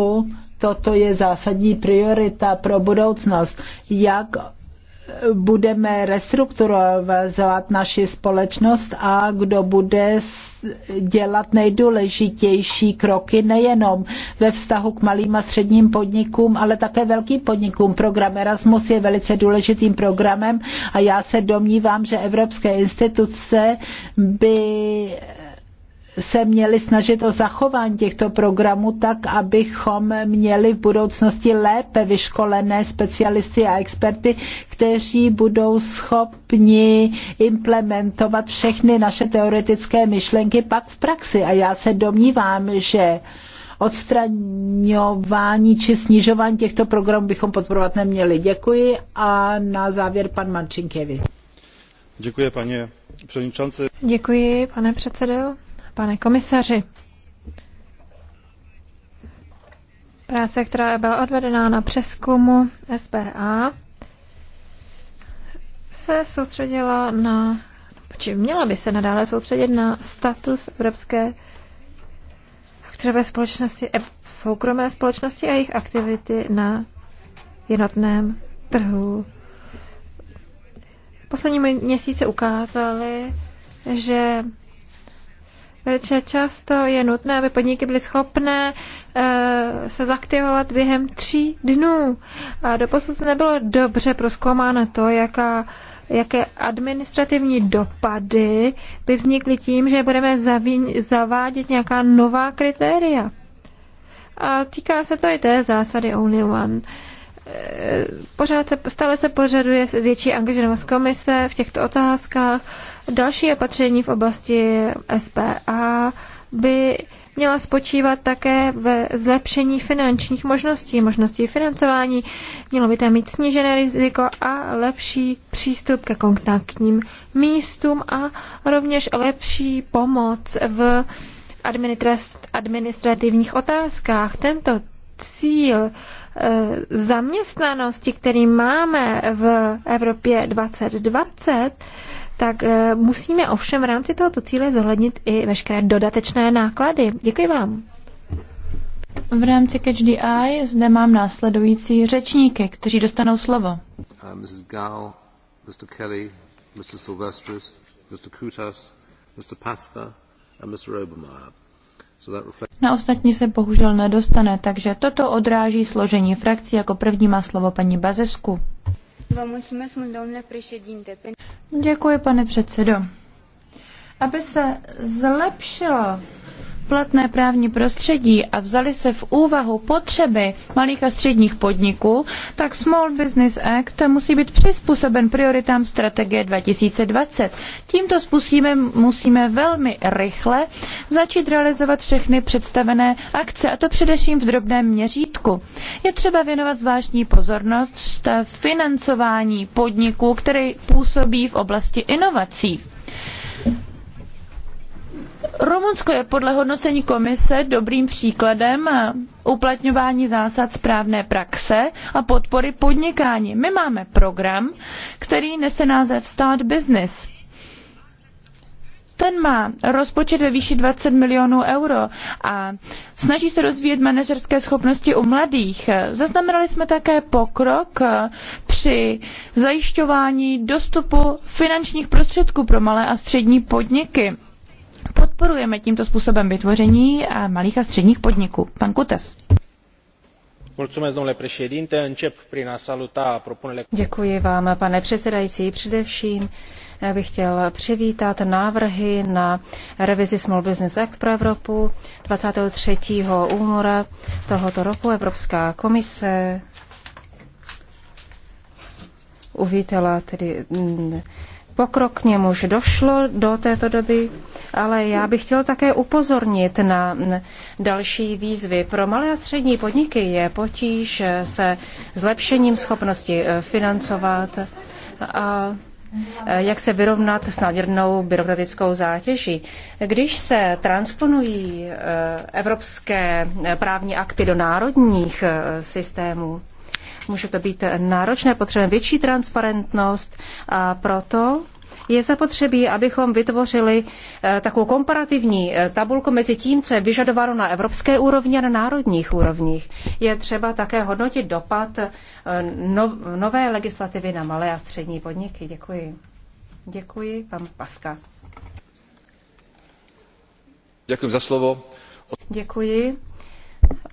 Toto je zásadní priorita pro budoucnost. Jak budeme restrukturovat naši společnost a kdo bude dělat nejdůležitější kroky nejenom ve vztahu k malým a středním podnikům, ale také velkým podnikům. Program Erasmus je velice důležitým programem a já se domnívám, že evropské instituce by se měli snažit o zachování těchto programů tak, abychom měli v budoucnosti lépe vyškolené specialisty a experty, kteří budou schopni implementovat všechny naše teoretické myšlenky pak v praxi. A já se domnívám, že odstraňování či snižování těchto programů bychom podporovat neměli. Děkuji a na závěr pan Marčinkevi. Děkuji, paní předsedající. Děkuji, pane předsedo pane komisaři. Práce, která byla odvedená na přeskumu SBA, se soustředila na, či měla by se nadále soustředit na status Evropské akciové společnosti, e, soukromé společnosti a jejich aktivity na jednotném trhu. Poslední měsíce ukázaly, že Velice často je nutné, aby podniky byly schopné eh, se zaktivovat během tří dnů. A doposud nebylo dobře proskoumáno to, jaká, jaké administrativní dopady by vznikly tím, že budeme zavín, zavádět nějaká nová kritéria. A týká se to i té zásady only one. Eh, pořád se, stále se požaduje větší angažovanost komise v těchto otázkách. Další opatření v oblasti SPA by měla spočívat také ve zlepšení finančních možností, možností financování. Mělo by tam mít snížené riziko a lepší přístup ke kontaktním místům a rovněž lepší pomoc v administrativních otázkách. Tento cíl Eh, zaměstnanosti, který máme v Evropě 2020, tak eh, musíme ovšem v rámci tohoto cíle zohlednit i veškeré dodatečné náklady. Děkuji vám. V rámci Catch the Eye zde mám následující řečníky, kteří dostanou slovo. Uh, Mrs. Mr. Kelly, Mr. Silvestris, Mr. Kutas, Mr. Pasca a Mr. Obermeyer. Na ostatní se bohužel nedostane, takže toto odráží složení frakcí. Jako první má slovo paní Bazesku. Děkuji, pane předsedo. Aby se zlepšila platné právní prostředí a vzali se v úvahu potřeby malých a středních podniků, tak Small Business Act musí být přizpůsoben prioritám strategie 2020. Tímto způsobem musíme velmi rychle začít realizovat všechny představené akce, a to především v drobném měřítku. Je třeba věnovat zvláštní pozornost financování podniků, které působí v oblasti inovací. Rumunsko je podle hodnocení komise dobrým příkladem eh, uplatňování zásad správné praxe a podpory podnikání. My máme program, který nese název Start Business. Ten má rozpočet ve výši 20 milionů euro a snaží se rozvíjet manažerské schopnosti u mladých. Zaznamenali jsme také pokrok eh, při zajišťování dostupu finančních prostředků pro malé a střední podniky Podporujeme tímto způsobem vytvoření eh, malých a středních podniků. Pan Kutes. Děkuji vám, pane předsedající. Především eh, bych chtěl přivítat návrhy na revizi Small Business Act pro Evropu. 23. února tohoto roku Evropská komise uvítala tedy mm, Pokrok k němuž došlo do této doby, ale já bych chtěl také upozornit na další výzvy. Pro malé a střední podniky je potíž se zlepšením schopnosti eh, financovat a eh, jak se vyrovnat s nadměrnou byrokratickou zátěží. Když se transponují eh, evropské právní akty do národních systémů, může to být náročné, potřebujeme větší transparentnost a proto je zapotřebí, abychom vytvořili eh, takovou komparativní eh, tabulku mezi tím, co je vyžadováno na evropské úrovni a na národních úrovních. Je třeba také hodnotit dopad eh, nové legislativy na malé a střední podniky. Děkuji. Děkuji, pan Paska. Děkuji za slovo. Děkuji.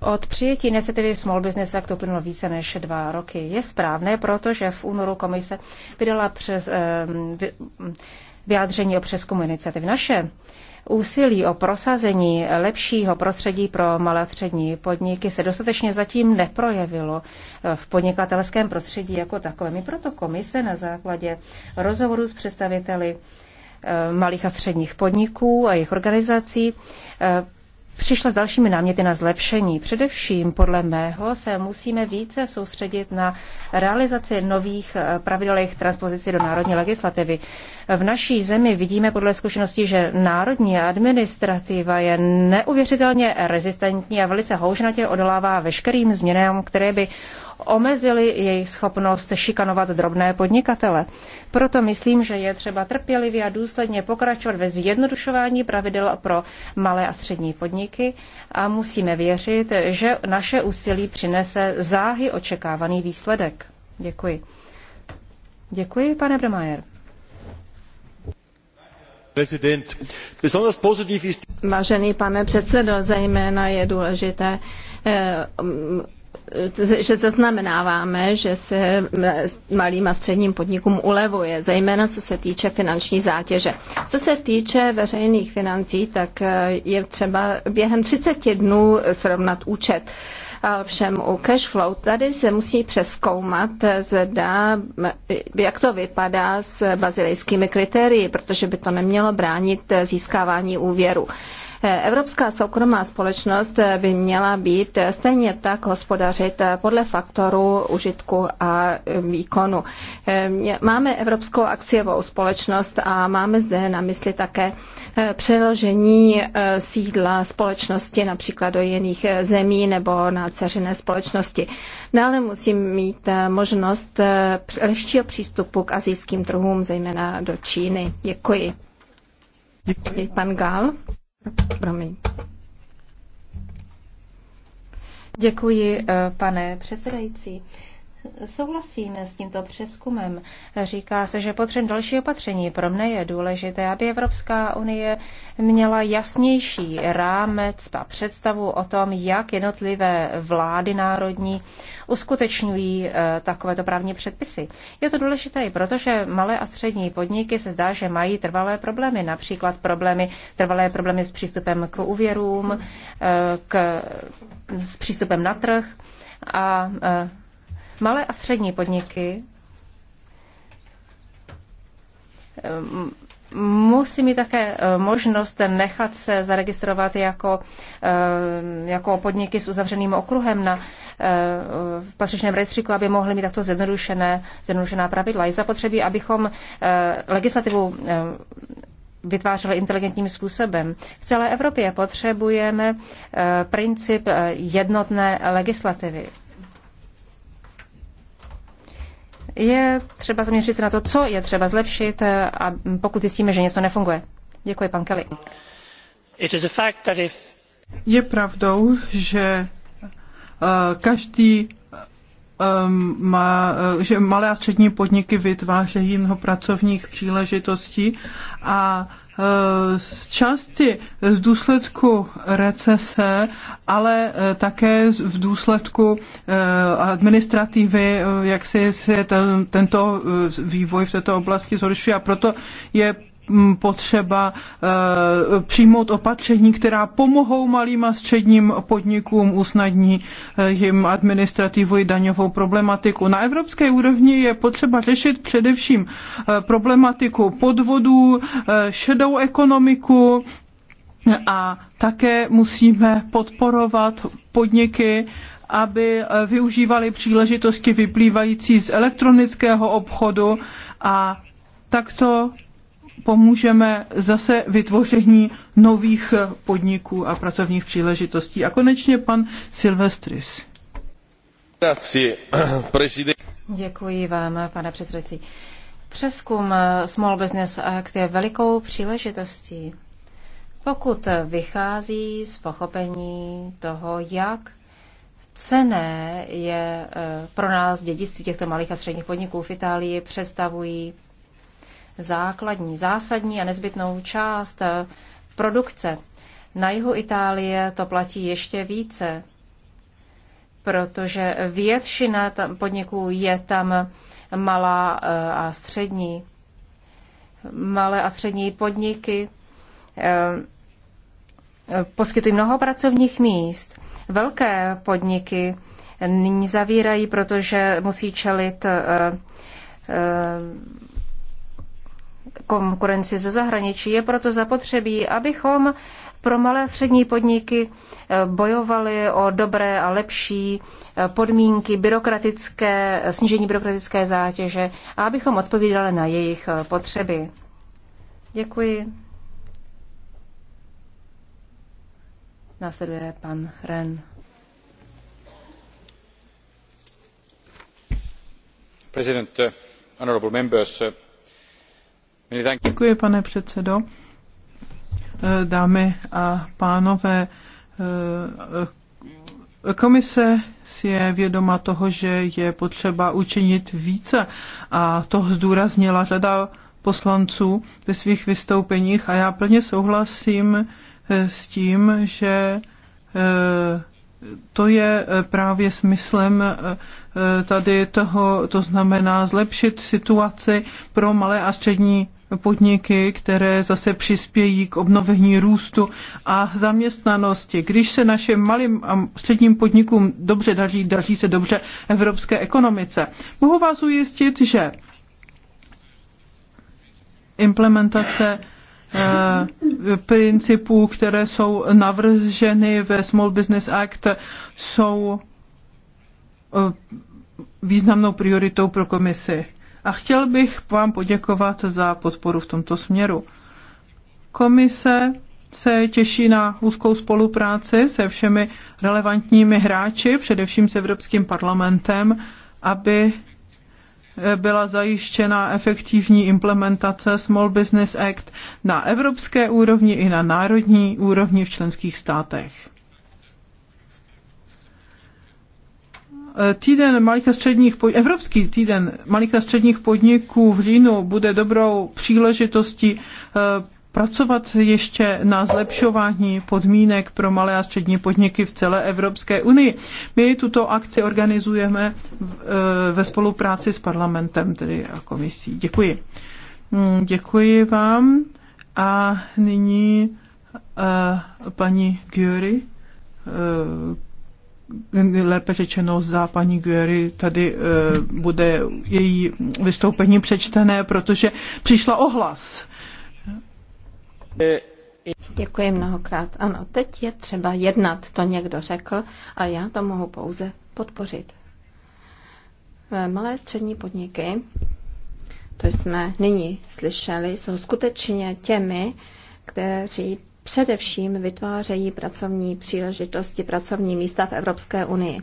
Od přijetí iniciativy Small Business Act uplynulo více než dva roky. Je správné, protože v únoru komise vydala přes ehm, vyjádření o přeskumu iniciativy. Naše úsilí o prosazení lepšího prostředí pro malé a střední podniky se dostatečně zatím neprojevilo eh, v podnikatelském prostředí jako takovém. I proto komise na základě rozhovoru s představiteli eh, malých a středních podniků a jejich organizací eh, přišla s dalšími náměty na zlepšení. Především podle mého se musíme více soustředit na realizaci nových eh, pravidelných transpozici do národní legislativy. V naší zemi vidíme podle zkušenosti, že národní administrativa je neuvěřitelně rezistentní a velice houžnatě odolává veškerým změnám, které by omezili jejich schopnost šikanovat drobné podnikatele. Proto myslím, že je třeba trpělivě a důsledně pokračovat ve zjednodušování pravidel pro malé a střední podniky a musíme věřit, že naše úsilí přinese záhy očekávaný výsledek. Děkuji. Děkuji, pane Bremajer. Vážený pane předsedo, zejména je důležité eh, že zaznamenáváme, že se malým a středním podnikům ulevuje, zejména co se týče finanční zátěže. Co se týče veřejných financí, tak je třeba během 30 dnů srovnat účet všem u flow. Tady se musí přeskoumat, zda, jak to vypadá s bazilejskými kritérii, protože by to nemělo bránit získávání úvěru. Evropská soukromá společnost by měla být stejně tak hospodařit podle faktoru užitku a výkonu. Máme Evropskou akciovou společnost a máme zde na mysli také eh, přeložení eh, sídla společnosti například do jiných eh, zemí nebo na ceřené společnosti. Dále musím mít možnost lehčího přístupu k azijským trhům, zejména do Číny. Děkuji. Děkuji. Pan Gál. Promiň. Děkuji, eh, pane předsedající souhlasíme s tímto přeskumem. Říká se, že potřebujeme další opatření. Pro mne je důležité, aby Evropská unie měla jasnější rámec a představu o tom, jak jednotlivé vlády národní uskutečňují eh, takovéto právní předpisy. Je to důležité i proto, že malé a střední podniky se zdá, že mají trvalé problémy, například problémy, trvalé problémy s přístupem k úvěrům, eh, k, s přístupem na trh a eh, Malé a střední podniky ehm, musí mít také eh, možnost nechat se zaregistrovat jako, eh, jako podniky s uzavřeným okruhem na eh, v patřičném rejstříku, aby mohly mít takto zjednodušené, zjednodušená pravidla. Je zapotřebí, abychom legislativu vytvářeli inteligentním způsobem. V celé Evropě potřebujeme princip jednotné legislativy. Je třeba zaměřit se na to, co je třeba zlepšit, eh, a pokud zjistíme, že něco nefunguje. Děkuji, pan Kelly. Je pravdou, že eh, každý eh, má, že malé a střední podniky vytvářejí mnoho pracovních příležitostí a Eh, z části v důsledku recese, ale eh, také v důsledku eh, administrativy, jak si, se tento vývoj v této oblasti zhoršuje a proto je potřeba eh, přijmout opatření, která pomohou malým a středním podnikům, usnadní eh, jim administrativu i daňovou problematiku. Na evropské úrovni je potřeba řešit především eh, problematiku podvodů, šedou ekonomiku a také musíme podporovat podniky, aby využívali příležitosti vyplývající z elektronického obchodu a takto pomůžeme zase vytvoření nových podniků a pracovních příležitostí. A konečně pan Silvestris. Děkuji vám, pane předsedající. Přeskum Small Business Act je velikou příležitostí, pokud vychází z pochopení toho, jak cené je eh, pro nás dědictví těchto malých a středních podniků v Itálii, představují základní, zásadní a nezbytnou část eh, produkce. Na jihu Itálie to platí ještě více, protože většina podniků je tam malá eh, a střední. Malé a střední podniky eh, poskytují mnoho pracovních míst. Velké podniky nyní zavírají, protože musí čelit konkurenci ze zahraničí. Je proto zapotřebí, abychom pro malé a střední podniky eh, bojovali o dobré a lepší eh, podmínky byrokratické, snížení byrokratické zátěže a abychom odpovídali na jejich eh, potřeby. Děkuji. Následuje pan Ren. President, honorable members, Děkuji, pane předsedo. Eh, dámy a pánové, eh, Komise si je vědoma toho, že je potřeba učinit více a to zdůraznila řada poslanců ve svých vystoupeních a já plně souhlasím eh, s tím, že to je právě smyslem tady toho, to znamená zlepšit situaci pro malé a střední podniky, které zase přispějí k obnovení růstu a zaměstnanosti. Když se našim malým a středním podnikům dobře daří, daří se dobře evropské ekonomice. Mohu vás ujistit, že implementace eh, principů, které jsou navrženy ve Small Business Act, jsou eh, významnou prioritou pro komisi a chtěl bych vám poděkovat za podporu v tomto směru. Komise se těší na úzkou spolupráci se všemi relevantními hráči, především s Evropským parlamentem, aby eh, byla zajištěna efektivní implementace Small Business Act na evropské úrovni i na národní úrovni v členských státech. Eh, týden malých a středních, Evropský týden malých a středních podniků v říjnu bude dobrou příležitostí eh, pracovat ještě na zlepšování podmínek pro malé a střední podniky v celé Evropské unii. My tuto akci organizujeme eh, ve spolupráci s parlamentem, tedy a komisí. Děkuji. Mm, děkuji vám. A nyní paní Gyuri, lépe řečeno za paní Guery tady eh, bude její vystoupení přečtené, protože přišla ohlas. Děkuji mnohokrát. Ano, teď je třeba jednat, to někdo řekl a já to mohu pouze podpořit. Eh, malé střední podniky, to jsme nyní slyšeli, jsou skutečně těmi, kteří především vytvářejí pracovní příležitosti, pracovní místa v Evropské unii.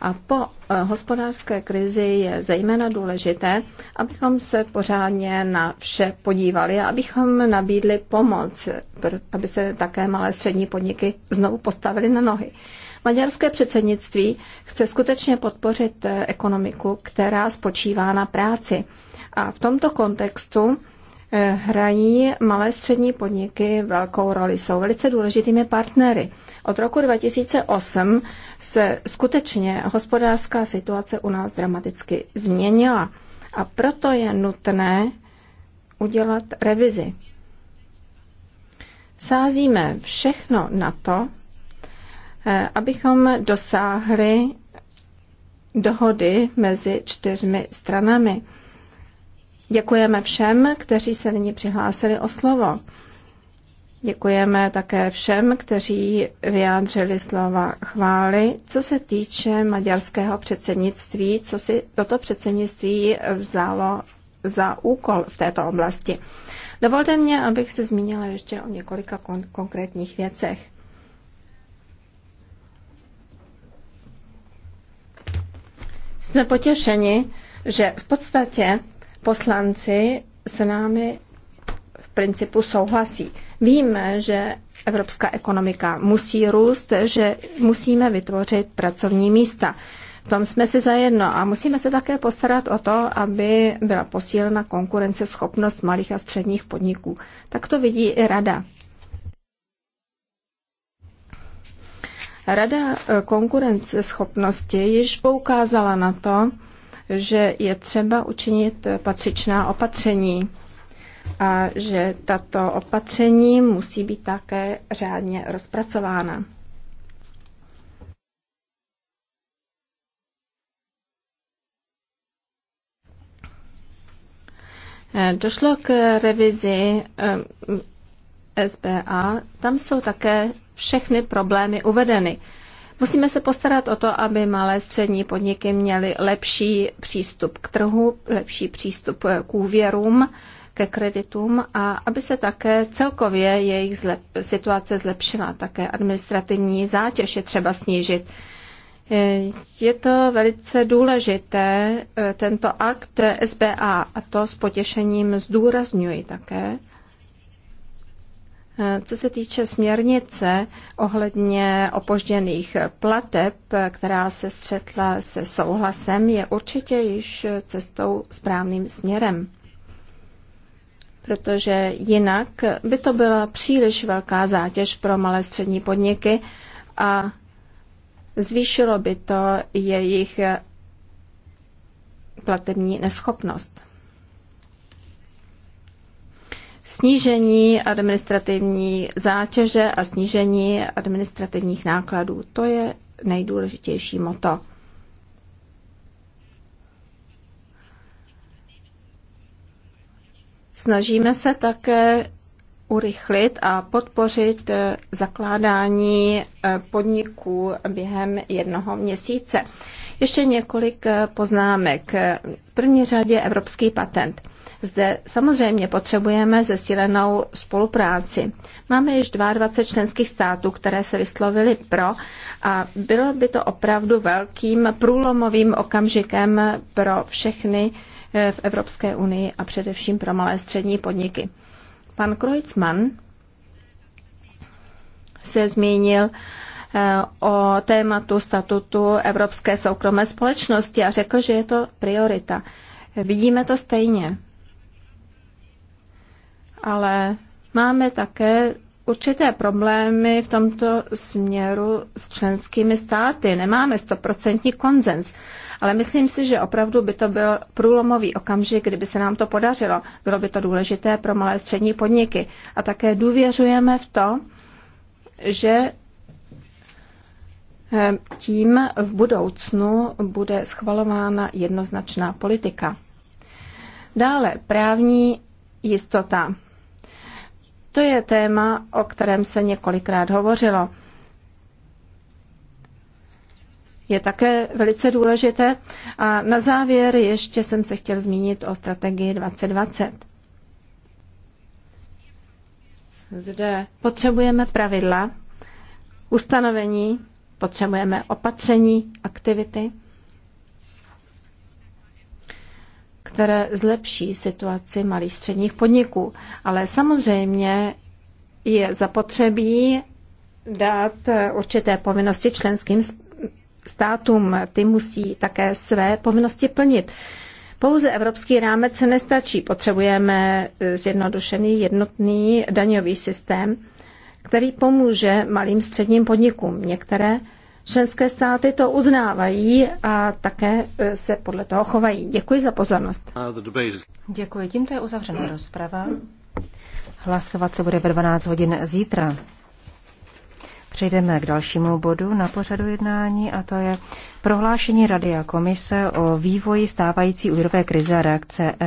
A po eh, hospodářské krizi je zejména důležité, abychom se pořádně na vše podívali a abychom nabídli pomoc, aby se také malé střední podniky znovu postavily na nohy. Maďarské předsednictví chce skutečně podpořit eh, ekonomiku, která spočívá na práci. A v tomto kontextu Eh, hrají malé střední podniky velkou roli, jsou velice důležitými partnery. Od roku 2008 se skutečně hospodářská situace u nás dramaticky změnila a proto je nutné udělat revizi. Sázíme všechno na to, eh, abychom dosáhli dohody mezi čtyřmi stranami. Děkujeme všem, kteří se nyní přihlásili o slovo. Děkujeme také všem, kteří vyjádřili slova chvály. Co se týče maďarského předsednictví, co si toto předsednictví vzalo za úkol v této oblasti. Dovolte mě, abych se zmínila ještě o několika kon- konkrétních věcech. Jsme potěšeni, že v podstatě Poslanci se námi v principu souhlasí. Víme, že evropská ekonomika musí růst, že musíme vytvořit pracovní místa. V tom jsme si zajedno a musíme se také postarat o to, aby byla posílena konkurenceschopnost malých a středních podniků. Tak to vidí i Rada. Rada konkurenceschopnosti již poukázala na to, že je třeba učinit patřičná opatření a že tato opatření musí být také řádně rozpracována. Došlo k revizi eh, SBA. Tam jsou také všechny problémy uvedeny. Musíme se postarat o to, aby malé střední podniky měly lepší přístup k trhu, lepší přístup k úvěrům, ke kreditům a aby se také celkově jejich zlep, situace zlepšila. Také administrativní zátěž je třeba snížit. Je to velice důležité, eh, tento akt SBA, a to s potěšením zdůrazňuji také, co se týče směrnice ohledně opožděných plateb, která se střetla se souhlasem, je určitě již cestou správným směrem. Protože jinak by to byla příliš velká zátěž pro malé střední podniky a zvýšilo by to jejich platební neschopnost snížení administrativní zátěže a snížení administrativních nákladů. To je nejdůležitější moto. Snažíme se také urychlit a podpořit zakládání podniků během jednoho měsíce. Ještě několik poznámek. V první řadě evropský patent. Zde samozřejmě potřebujeme zesílenou spolupráci. Máme již 22 členských států, které se vyslovily pro a bylo by to opravdu velkým průlomovým okamžikem pro všechny eh, v Evropské unii a především pro malé střední podniky. Pan Kreuzmann se zmínil eh, o tématu statutu Evropské soukromé společnosti a řekl, že je to priorita. Vidíme to stejně ale máme také určité problémy v tomto směru s členskými státy. Nemáme stoprocentní konzens, ale myslím si, že opravdu by to byl průlomový okamžik, kdyby se nám to podařilo. Bylo by to důležité pro malé střední podniky. A také důvěřujeme v to, že eh, tím v budoucnu bude schvalována jednoznačná politika. Dále právní jistota. To je téma, o kterém se několikrát hovořilo. Je také velice důležité. A na závěr ještě jsem se chtěl zmínit o strategii 2020. Zde potřebujeme pravidla, ustanovení, potřebujeme opatření, aktivity. které zlepší situaci malých středních podniků. Ale samozřejmě je zapotřebí dát eh, určité povinnosti členským státům. Ty musí také své povinnosti plnit. Pouze evropský rámec se nestačí. Potřebujeme eh, zjednodušený jednotný daňový systém, který pomůže malým středním podnikům. Některé Členské státy to uznávají a také e, se podle toho chovají. Děkuji za pozornost. Děkuji. Tímto je uzavřena rozprava. Hlasovat se bude ve 12 hodin zítra. Přejdeme k dalšímu bodu na pořadu jednání a to je prohlášení Rady a komise o vývoji stávající úvěrové krize a reakce